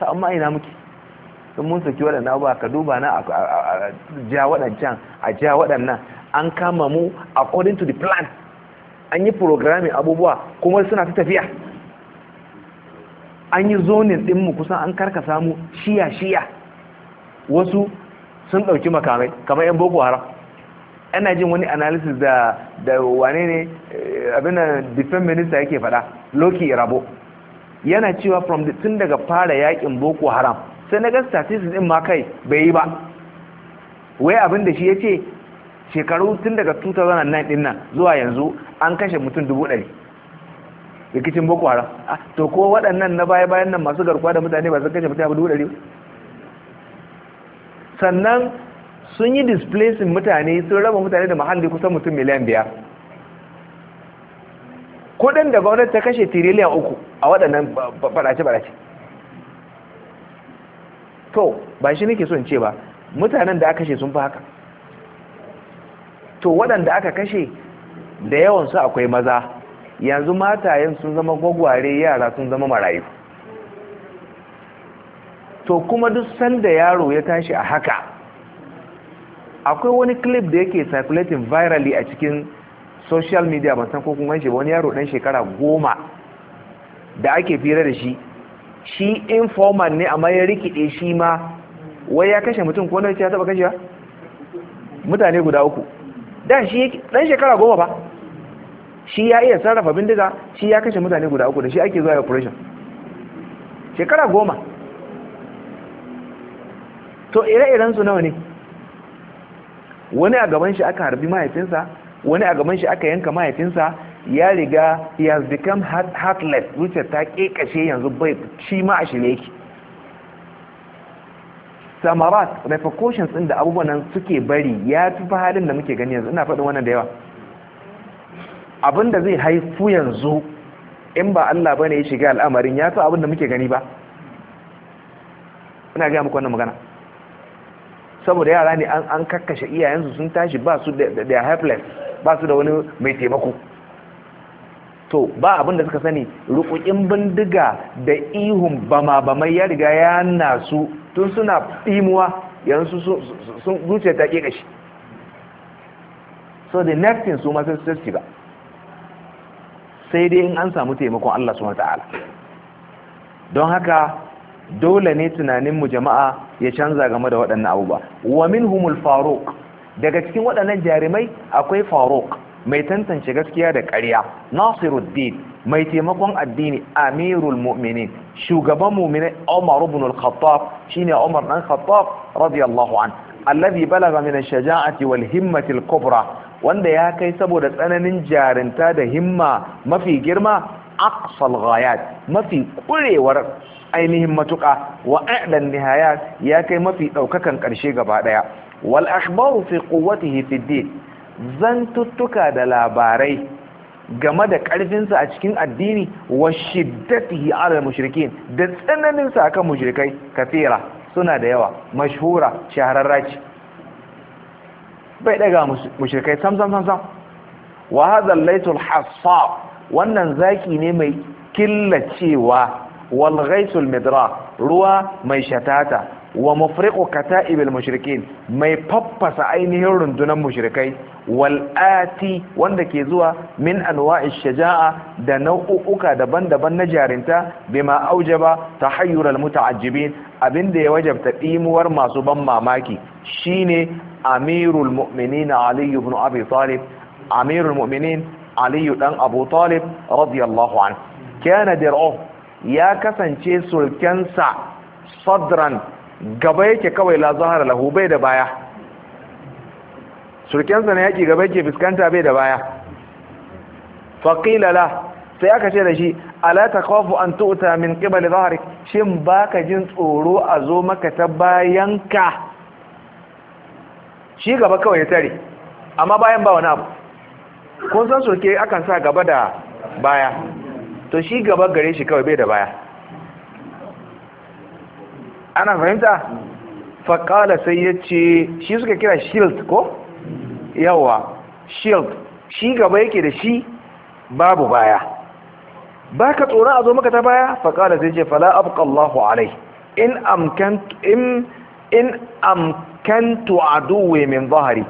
ta amma ina muke sun mun saki waɗannan abuwa ka duba na a ja waɗancan a ja waɗannan an kama mu according to the plan an yi programming abubuwa kuma suna ta tafiya an yi zonin ɗinmu kusan an karka samu shiya-shiya wasu sun ɗauki makamai kamar 'yan boko haram ana jin wani analysis da da wane ne eh, abin da defense minister yake faɗa loki rabo yana cewa from the tun daga fara yakin boko haram sai na ga statistics din ma kai bai yi ba wai abin da shi yace shekaru tun daga 2009 din nan zuwa yanzu an kashe mutum dubu ɗari rikicin boko haram ah, to ko waɗannan na baya bayan nan masu garkuwa da mutane ba su kashe mutum dubu ɗari sannan sun yi displacing mutane sun raba mutane da mahalli kusan mutum miliyan biyar kudin da gwamnati ta kashe tiriliyan uku a waɗannan barace-barace to ba shi nake son ce ba mutanen da aka kashe sun fi haka to waɗanda aka kashe da yawansu akwai maza yanzu matayen sun zama gwagware yara sun zama marayu to kuma duk sanda yaro ya tashi a haka akwai wani clip da yake circulating virally a cikin social media ban san ko kun ganshi wani yaro dan shekara goma da ake fira da shi shi informant ne amma ya rikide shi ma wai ya kashe mutum ko nawa ya taba kashe mutane guda uku dan shi dan shekara goma ba shi ya iya sarrafa bindiga shi ya kashe mutane guda uku da shi ake zuwa operation shekara goma to ire-iren su nawa ne wani a gaban shi aka harbi mahaifinsa wani a gaban shi aka yanka mahaifinsa ya riga he has become heartless zuciyar ta kekashe yanzu bai shi ma a shirye yake samarat repercussions din da abubuwan nan suke bari ya fi halin da muke gani yanzu ina faɗin wannan da yawa abinda zai haifu yanzu in ba Allah bane ya shiga al'amarin ya fi abinda muke gani ba ina gaya muku wannan magana saboda yara ne an kakkashe iyayensu sun tashi ba su da helpless ba su da wani mai taimako to ba abin da suka sani rukukin bindiga da ihun bama bama ya riga ya nasu tun suna imuwa yanzu sun zuciya ta ke shi so the next thing su ma sai ba sai dai in an samu taimakon Allah su mata'ala don haka dole ne tunaninmu jama'a ya canza game da waɗannan abubuwa wa minhumul faruq daga cikin waɗannan jarumai akwai faruq mai tantance gaskiya da ƙarya nasiruddin mai taimakon addini amirul mu'minin shugaban mu'mini umar ibn al-khattab shine umar dan khattab radiyallahu an alladhi balaga min ash-shaja'ati wal himmati al-kubra wanda ya kai saboda tsananin jarinta da himma mafi girma aqsal ghayat mafi kurewar ainihin matuƙa wa a'lan ya kai mafi ɗaukakan ƙarshe gaba ɗaya wal akhbaru fi quwwatihi fi din zantuttuka da labarai game da ƙarfinsa a cikin addini wa shiddatihi ala mushrikin da tsananin sa kan mushrikai kafira suna da yawa mashhura shahararra ce bai daga mushrikai sam sam sam sam wa hadha al-laytul wannan zaki ne mai killacewa wal midra ruwa mai shatata wa mufriqu kata'ibil mushrikin mai faffasa ainihin rundunan mushrikai wal ati wanda ke zuwa min anwa'ish shaja'a da nau'uka daban-daban na jarinta bima aujaba tahayyur al muta'ajjibin abinda ya wajabta dimuwar masu ban mamaki shine amirul mu'minin ali ibn abi talib amirul mu'minin ali dan abu talib radiyallahu anhu kana dir'uhu ya kasance sulkensa sadran gaba yake kawai la zahara lahu bai da baya sulkensa na yake gaba yake fuskanta bai da baya faqila la sai aka ce da shi ala takhafu an tu'ta min qibali dhahrik shin baka jin tsoro a zo maka ta bayanka shi gaba kawai ya tare amma bayan ba wani abu kun san sulke akan sa gaba da baya to shi gaba gare shi kawai bai da baya ana fahimta faƙala sai ya ce shi suka kira shield ko yawa shield shi gaba yake da shi babu baya ba ka tsoron a zo maka ta baya faƙala sai ce fala abqallahu alai in amkantu a duwe min zahari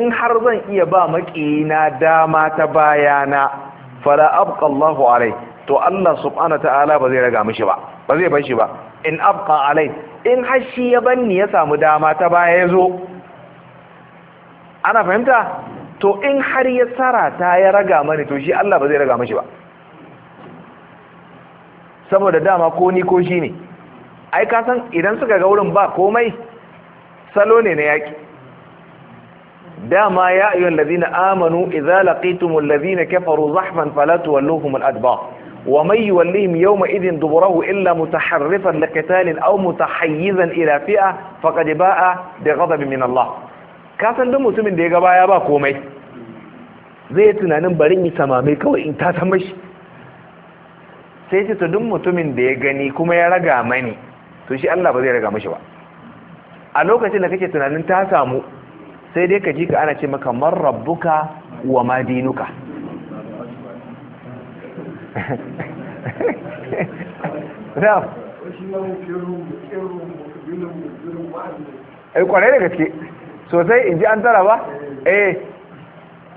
in har zan iya ba na dama ta bayana fala abqallahu alai to Allah subhanahu ta'ala ba zai raga mishi ba ba zai bar shi ba in abqa alai in har shi ya banni ya samu dama ta baya ya zo ana fahimta to in har ya ta ya raga mani to shi Allah ba zai raga mishi ba saboda dama ko ni ko shi ne ai ka san idan suka ga wurin ba komai salo ne na yaki dama ya ladina amanu idza laqitumul ladina kafaru zahfan fala tuwalluhum al-adbar ومن يوليهم يومئذ دبره إلا متحرفا لقتال أو متحيزا إلى فئة فقد باء بغضب من الله كاسن دم mutumin da ya ga baya ba komai zai yi tunanin barin yi samame kawai in ta san shi sai ce duk mutumin da ya gani kuma ya raga mani to shi Allah ba zai raga mashi ba a lokacin da kake tunanin ta samu sai dai ka ji ka ana ce maka man rabbuka wa ma na'am ai eh, kwarai da gaske sosai in ji an tara ba eh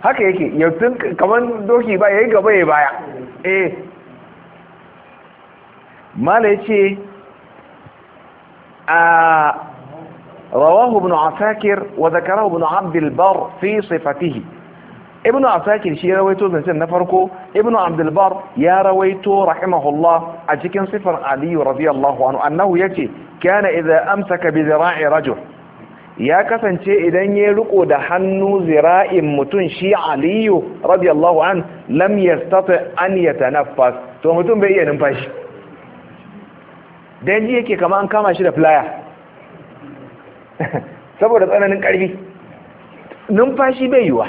haka yake yautun kamar doki ba ya yi gaba ya baya eh mala ya ce a ah, rawahu bin asakir wa zakarar bin abdulbar fi sifatihi ابن عساكر شي رويتو زنسين نفركو ابن عبد البر يا رويتو رحمه الله اجيكن صفر علي رضي الله عنه انه يجي كان اذا امسك بذراع رجل يا كسن شي اذن يرقو دهنو متون شي علي رضي الله عنه لم يستطع ان يتنفس تو متون بيئة نمفش دين يكي كمان كما شي رفلايا سبورة انا ننكاربي نمفشي بيئة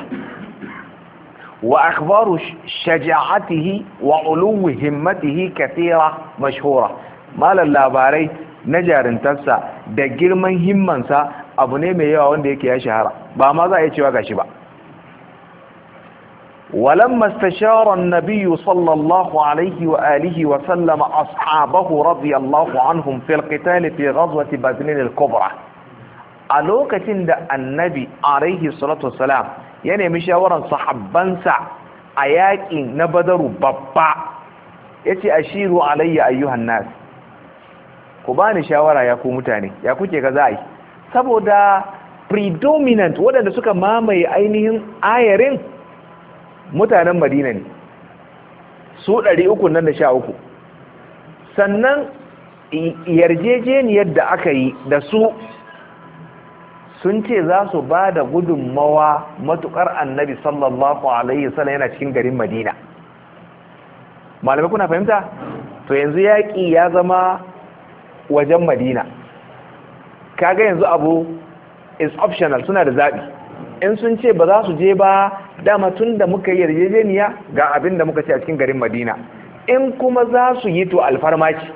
Wa واخبار شجاعته وعلو همته كثيره Malam labarai na jarintarsa da girman himmansa abu ne mai yawa wanda yake ya shahara ba ma za a yi cewa gashi ba walamma istashara an-nabiy sallallahu alayhi wa alihi wa sallama ashabahu radiyallahu anhum fi al-qital fi ghazwati badr al-kubra a lokacin da annabi alayhi salatu wasalam ya nemi shawarar sahabbansa a yaƙi na badaru babba ya ce a shiru alayya ayyuhan nas ku ba ni shawara ya ku mutane ya kuke ka za yi saboda predominant waɗanda suka mamaye ainihin ayarin mutanen madina ne su uku. sannan yarjejeniyar da aka yi da su sun ce za su ba da gudunmawa matuƙar annabi sallallahu alaihi wasallam yana cikin garin madina malamai kuna fahimta to yanzu yaƙi ya zama wajen madina kaga yanzu abu is optional suna da zaɓi in sun ce ba za su je ba dama tun da muka yi yarjejeniya ga abin da muka ce a cikin garin madina in kuma za su yi to alfarmaci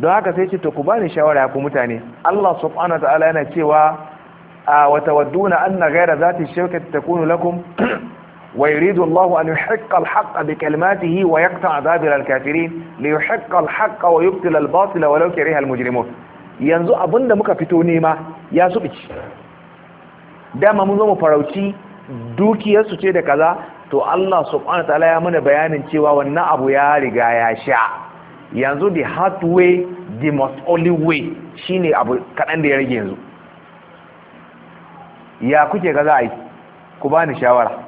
don haka sai ce to ku bani shawara ku mutane Allah subhanahu wa ta'ala yana cewa wa tawadduna anna ghayra zati shawkati takunu lakum wa yuridu Allah an yuhiqqa al-haqqa bi kalimatihi wa yaqta'a dabira al-kafirin li yuhiqqa al-haqqa wa yubtila al-batila walau kariha al-mujrimun yanzu abinda muka fito nema ya subici dama mun zo mu farauci dukiyarsu ce da kaza to Allah subhanahu wa ta'ala ya mana bayanin cewa wannan abu ya riga ya sha yanzu the hard way the most only way shine abu kaɗan da ya rage yanzu ya kuke ga za a yi ku ba ni shawara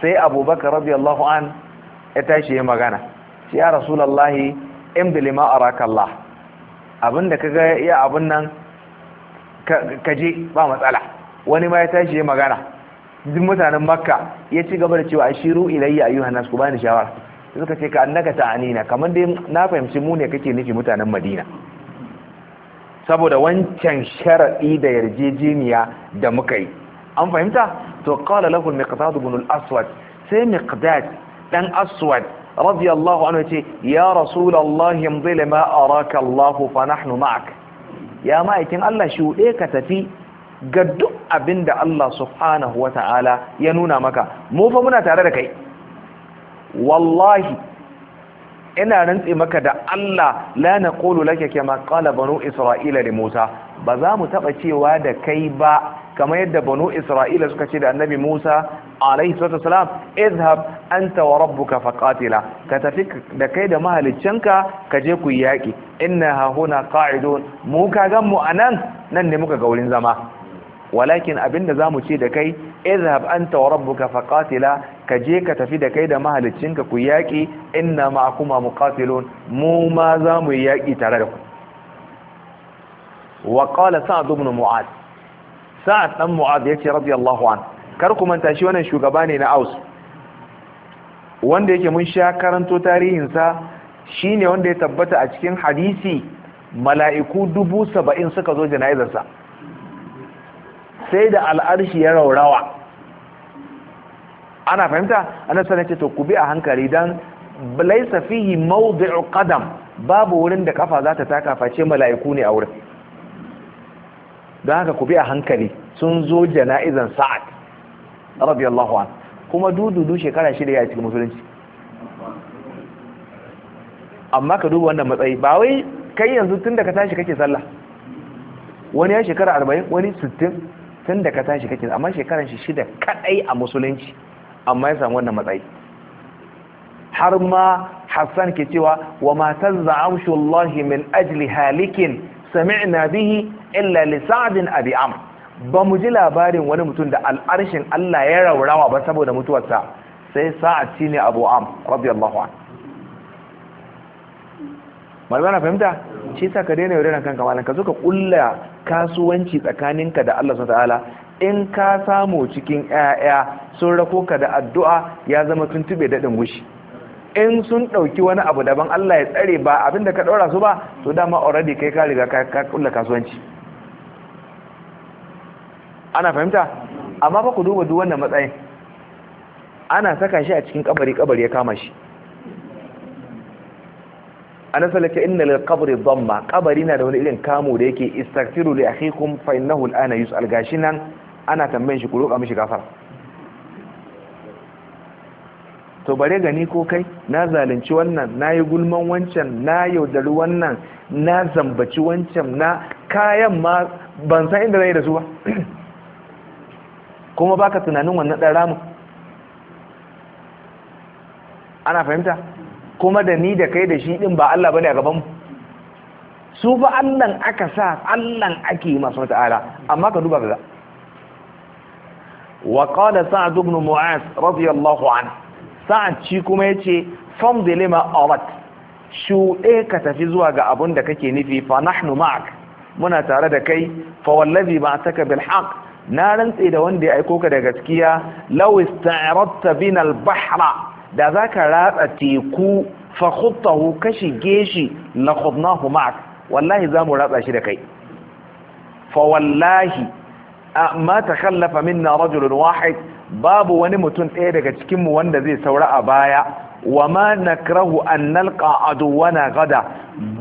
sai abubakar radiyallahu an ya tashi ya magana shi ya rasulallahi da lima abinda ka ga ya abin nan ka je ba matsala wani ma ya tashi ya magana duk mutanen makka ya ci gaba da cewa ashiru ilayya ayyuhan nas ku ba ni shawara suka ce ka annaka ta'anina kamar dai na fahimci mu ne kake nufi mutanen madina saboda wancan sharaɗi da yarjejeniya da muka yi an fahimta to qala lahu al-miqdad ibn al-aswad sai miqdad dan aswad radiyallahu anhu ce ya rasulullah imdi lima araka Allah fa nahnu ma'ak ya ma'aikin Allah shude ka tafi ga duk abinda Allah subhanahu ta'ala ya nuna maka mu fa muna tare da kai wallahi ina rantse maka da Allah la naqulu laka kama qala banu isra'ila li Musa ba za mu taba cewa da kai ba kamar yadda banu isra'ila suka ce da annabi Musa alaihi salatu wasalam izhab anta wa rabbuka faqatila ka tafi da kai da mahaliccinka ka je ku yaki inna ha huna qa'idun mu ka gan mu anan nan ne muka ga wurin zama walakin abinda mu ce da kai izhab anta wa rabbuka faqatila ka je ka tafi da kai da ka ku yaki inna ma'akuma muqatilun mu ma za mu yaki tare da ku wa qala sa'd ibn mu'adh sa'd ibn mu'adh yace radiyallahu an kar ku manta shi wannan shugaba ne na aus wanda yake mun sha karanto tarihinsa shine wanda ya tabbata a cikin hadisi mala'iku dubu saba'in suka zo jana'izarsa sai da al'arshi ya raurawa ana fahimta ana sanar ce to ku bi a hankali dan laisa fihi mawdi'u qadam babu wurin da kafa za ta taka face mala'iku ne a wurin don haka ku bi a hankali sun zo jana'izan sa'ad radiyallahu an kuma dududu shekara shida ya cikin musulunci amma ka duba wannan matsayi ba wai kai yanzu tun da ka tashi kake sallah wani ya shekara arba'in wani sittin. tun da ka tashi kake amma shekaran shi shida kadai a musulunci amma ya samu wannan matsayi har ma Hassan ke cewa wa ma tazza'amshu min ajli halikin sami'na bihi illa li sa'din abi am ba mu ji labarin wani mutum da al'arshin Allah ya raurawa ba saboda mutuwarsa sai sa'ad ne Abu Am rabbi anhu malama fahimta shi sa ka daina yaudarar kanka malam ka zo ka kulla kasuwanci tsakaninka da Allah subhanahu ta'ala in ka samu cikin 'ya'ya sun rako ka da addu'a ya zama tube daɗin gushi in sun ɗauki wani abu daban Allah ya tsare ba abinda ka ɗaura su ba to dama already kai ka riga ka kulla kasuwanci ana fahimta amma ba ku duba duk wannan matsayin ana saka shi a cikin kabari kabari ya kama shi ana salaka inna lil qabri dhamma qabari na da wani irin kamo da yake istaghfiru li akhikum fa innahu al'ana yus'al gashinan ana tambayin shi ku roƙa mishi gafara to bare gani ko kai na zalunci wannan na yi gulman wancan na yaudari wannan na zambaci wancan na kayan ma ban san inda zai da su ba kuma baka tunanin wannan ɗan ramu ana fahimta kuma da ni da kai da shi din ba Allah bane a gaban su fa Allah aka sa Allah ake masa ta'ala amma ka duba kaga wa qala sa'd ibn mu'az radiyallahu anhu sa'ad ci kuma yace fam dilema awat shuɗe ka tafi zuwa ga abun da kake nufi fa nahnu ma'ak muna tare da kai fa wallazi ba'ataka bil haqq na rantse da wanda ya aiko ka da gaskiya law ista'radta bina al-bahra da za ka ratsa teku fa khuttahu ka shige shi la khudnahu ma'ak wallahi za mu ratsa shi da kai fa wallahi ma takallafa minna rajulun wahid babu wani mutum ɗaya daga cikin mu wanda zai saura a baya wa ma nakrahu an nalqa aduwana gada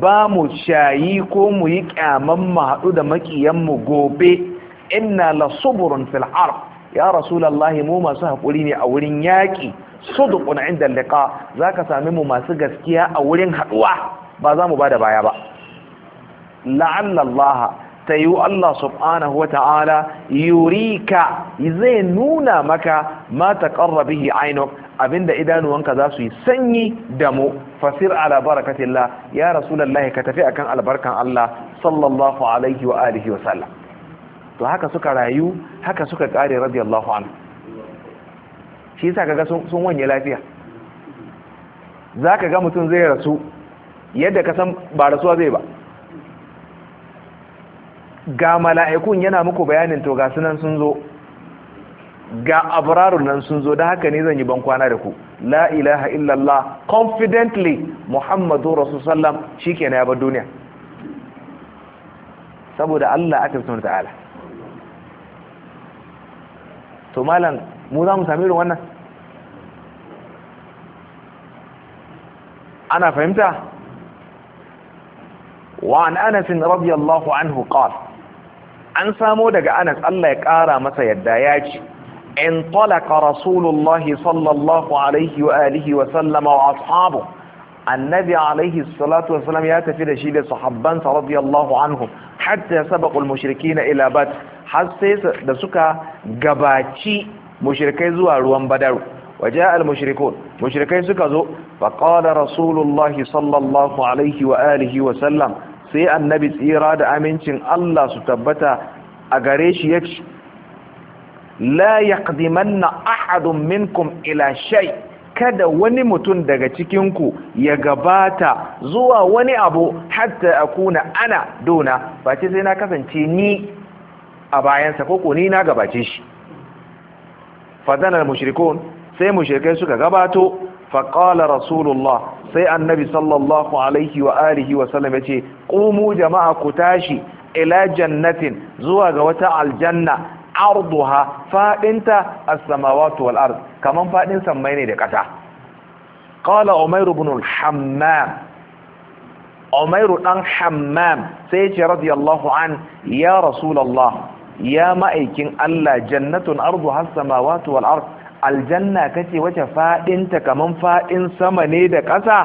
ba mu shayi ko mu yi kyaman mu haɗu da makiyanmu mu gobe inna la suburun fil harb ya rasulallahi mu masu haƙuri ne a wurin yaƙi suduqun inda liqa zaka sami mu masu gaskiya a wurin haɗuwa ba za mu bada baya ba la'alla Allah tayu Allah subhanahu wa ta'ala yurika zai nuna maka mata taqarra bihi aynuk abinda idanuwanka za su yi sanyi da mu fasir ala barakatillah ya rasulullahi ka tafi akan albarkan Allah sallallahu alaihi wa alihi wa sallam to haka suka rayu haka suka kare radiyallahu anhu shi yasa kaga sun wanye lafiya zaka ga mutum zai rasu yadda ka san ba rasuwa zai ba ga mala'ikun yana muku bayanin to ga sunan sun zo ga abrarun nan sun zo da haka ne zan yi ban kwana da ku la ilaha illallah confidently muhammadu shi shikenan ya bar duniya saboda Allah aka sunan ta'ala to malam mu za mu sami irin wannan ana fahimta wa an anas radiyallahu anhu qala an samo daga anas Allah ya kara masa yadda ya ce in talaqa rasulullahi sallallahu alaihi wa alihi wa sallama wa ashabu annabi alaihi salatu wa salam ya tafi da shi da sahabbansa radiyallahu anhum hatta sabaqu al-mushrikeena ila bat har sai da suka gabaci mushrikai zuwa ruwan badaru وجاء المشركون مشركين سكزو فقال رسول الله صلى الله عليه وآله وسلم سي النبي سيراد أمينتين الله ستبتا أغريش يكش لا يقدمن أحد منكم إلى شيء kada wani mutum daga cikinku ya gabata zuwa wani abu hatta akuna ana dona ba ce sai na kasance ni a bayansa ko ni na gabace shi fadanar mushrikun sai mushrikai suka gabato faƙala rasulullah sai annabi sallallahu alaihi wa alihi wa sallam ya ce ƙumu jama'a ku tashi ila jannatin zuwa ga wata aljanna arduha faɗinta as-samawati wal ard kaman faɗin sammai ne da ƙasa qala umayr ibn al-hammam Umairu ɗan Hammam sai ce radiyallahu an ya Rasulallah ya ma'aikin Allah jannatun ardu has samawati wal ard aljanna kace wace fadinta kaman fadin sama ne da ƙasa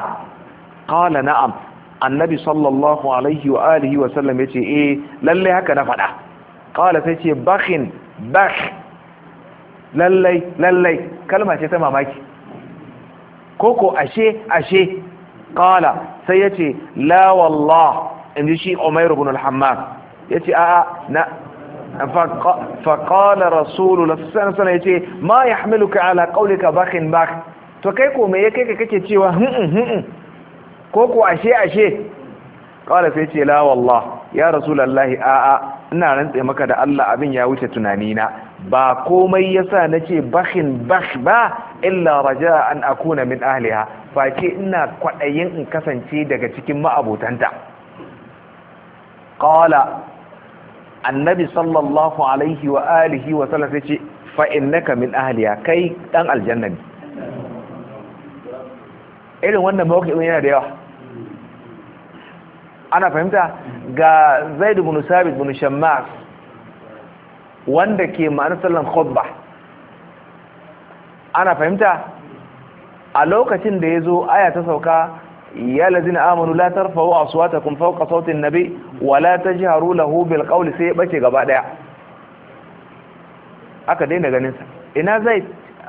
qala na'am annabi sallallahu alaihi wa alihi wa sallam yace eh lalle haka na fada qala sai ce bakhin bakh lalle lalle kalma ce ta mamaki koko ashe ashe qala sai yace la wallah inji shi umayr ibn al-hammam yace a'a na faƙala rasulullah sana sana ya ce ma ya hamiluka ala ƙaulika bakin bak to kai ko mai ya kai ka kake cewa hun'un ko ko ashe ashe ƙawar sai ce la wallah ya rasulallah a'a ina rantse maka da Allah abin ya wuce tunanina ba komai yasa nace Bakin Bak ba illa raja an akuna min ahliha face ina kwaɗayin in kasance daga cikin ma'abotanta qala annabi sallallahu alaihi wa alihi wa sallam ce fa innaka min ahaliya kai dan aljanna ne irin wannan mawqifin yana da yawa ana fahimta ga Zaid bin Sabit bin Shammas wanda ke ma'anar sallan khutbah ana fahimta a lokacin da ya zo aya ta sauka يا الذين امنوا لا ترفعوا اصواتكم فوق صوت النبي ولا تجهروا له بالقول sai بكي gaba daya aka daina ganin sa ina zai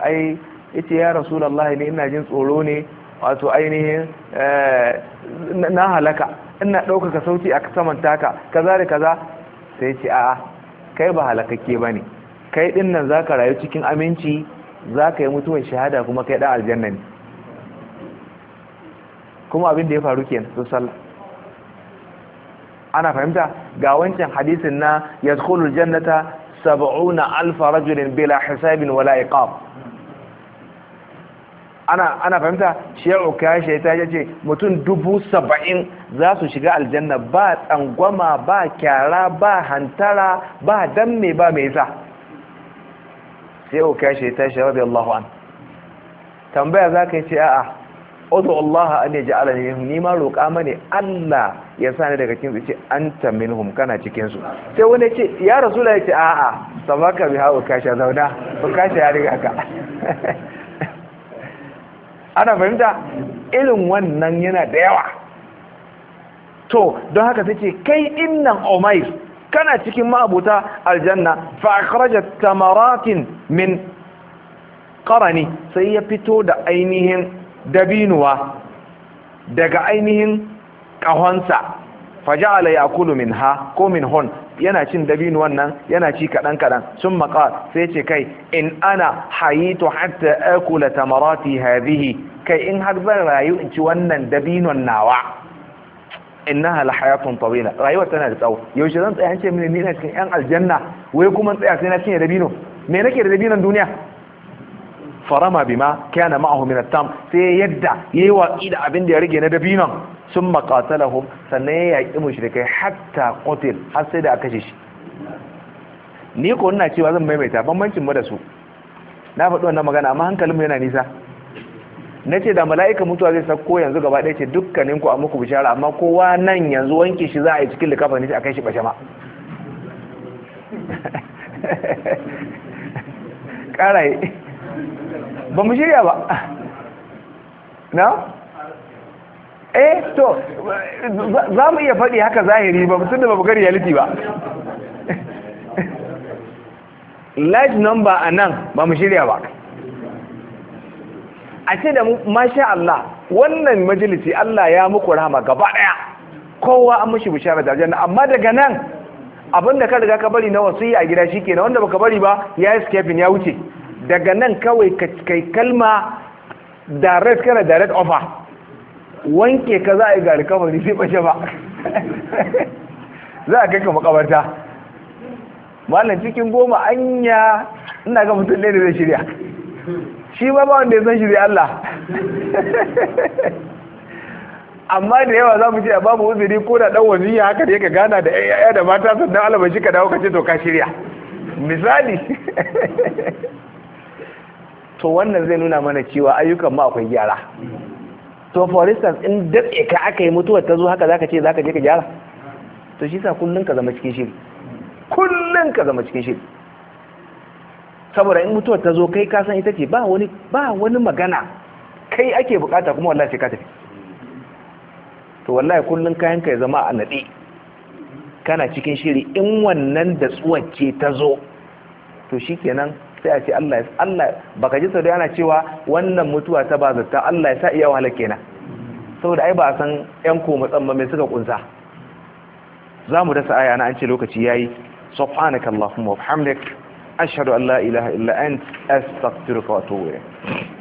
ai yace ya rasulullahi ne ina jin tsoro ne wato ainihin na halaka ina daukaka sauti a saman taka kaza da kaza sai ce a'a kai ba halakakke bane kai din nan zaka rayu cikin aminci zaka yi mutuwar shahada kuma kai da aljanna ne kuma abin da ya faru kenan sun sallah ana fahimta ga wancan hadisin na yadkhulul jannata sab'una alfa rajulin bela hisabin wala iqab ana ana fahimta shehu kashe ta ce mutum dubu saba'in za su shiga aljanna ba tsangwama ba kyara ba hantara ba danne ba mai sa shehu kashe ta shi radiyallahu an tambaya ka yi ce a'a oto Allah an ya ala ne ni ma roƙa mani Allah ya sa ni daga cikin ce anta minhum kana cikin sai wani ce ya rasula ya ce a'a sabaka bi hawo kasha zauna ko kasha ya riga ka ana fahimta ilin wannan yana da yawa to don haka ce kai innan umair kana cikin ma'abuta aljanna fa akhrajat tamaratin min qarani sai ya fito da ainihin dabinuwa daga ainihin ƙahonsa kulu min ha ko min hon yana cin dabinuwan nan yana ci kaɗan kaɗan sun maƙa sai ce kai in ana hayitu hatta akula tamarati hadhihi kai in har zan rayu in ci wannan dabinon nawa innaha lahayatun tawila rayuwar tana da tsawo yaushe zan tsaya an ce mini ni na cikin yan aljanna wai kuma tsaya sai na cinye dabino me nake da dabinon duniya farama bima kana ma'ahu min at-tam sai yadda yayi watsi da abin da ya rage na dabinan sun maqatalahum sannan ya yaki mushrikai hatta qutil har sai da aka kashe shi ni ko ina cewa zan maimaita bambancin mu da su na faɗi wannan magana amma hankalin mu yana nisa nace da mala'ika mutuwa zai sako yanzu gaba ɗaya ce dukkanin ku a muku bishara amma kowa nan yanzu wanke shi za a yi cikin likafani a kai shi bashama ƙara ba mu shirya ba na? eh to za mu iya faɗi haka zahiri ba mutum da ba bukari yaliti ba large number a nan ba mu shirya ba a ce da masha Allah wannan majalisi Allah ya muku rama gaba ɗaya kowa an mashi bishara da jana amma daga nan abinda ka riga ka bari na yi a gida shi na wanda baka bari ba ya yi ya wuce daga nan kawai kai kalma direct kana direct offer wanke ka za a yi ga recovery sai bashe ba za a kai ka makabarta malam cikin goma anya ina ga mutum ne da zai shirya shi ma ba wanda ya san shirya Allah amma da yawa za mu ce a babu uzuri ko da dan waziyya haka da yake gana da ƴaƴa da mata sannan Allah bai shi ka dawo ka ce to ka shirya misali to wannan zai nuna mana cewa ayyukan ma akwai gyara to for instance in datse ka aka yi mutuwar ta zo haka zaka ce zaka je ka gyara to shi sa kullun ka zama cikin shiri kullun ka zama cikin shiri saboda in mutuwar ta zo kai ka san ita ce ba wani ba wani magana kai ake bukata kuma wallahi sai ka tafi to wallahi kullun kayan ka ya zama a nade kana cikin shiri in wannan da tsuwar ce ta zo to shikenan sai a ce Allah ya Allah baka ji sau da yana cewa wannan mutuwa ta bazata Allah ya sa iya wahala kenan saboda ai ba san yan ko tsamma mai suka kunsa zamu dasa aya na an ce lokaci yayi subhanakallahumma wa bihamdik ashhadu an la ilaha illa ant astaghfiruka wa atubu ilayk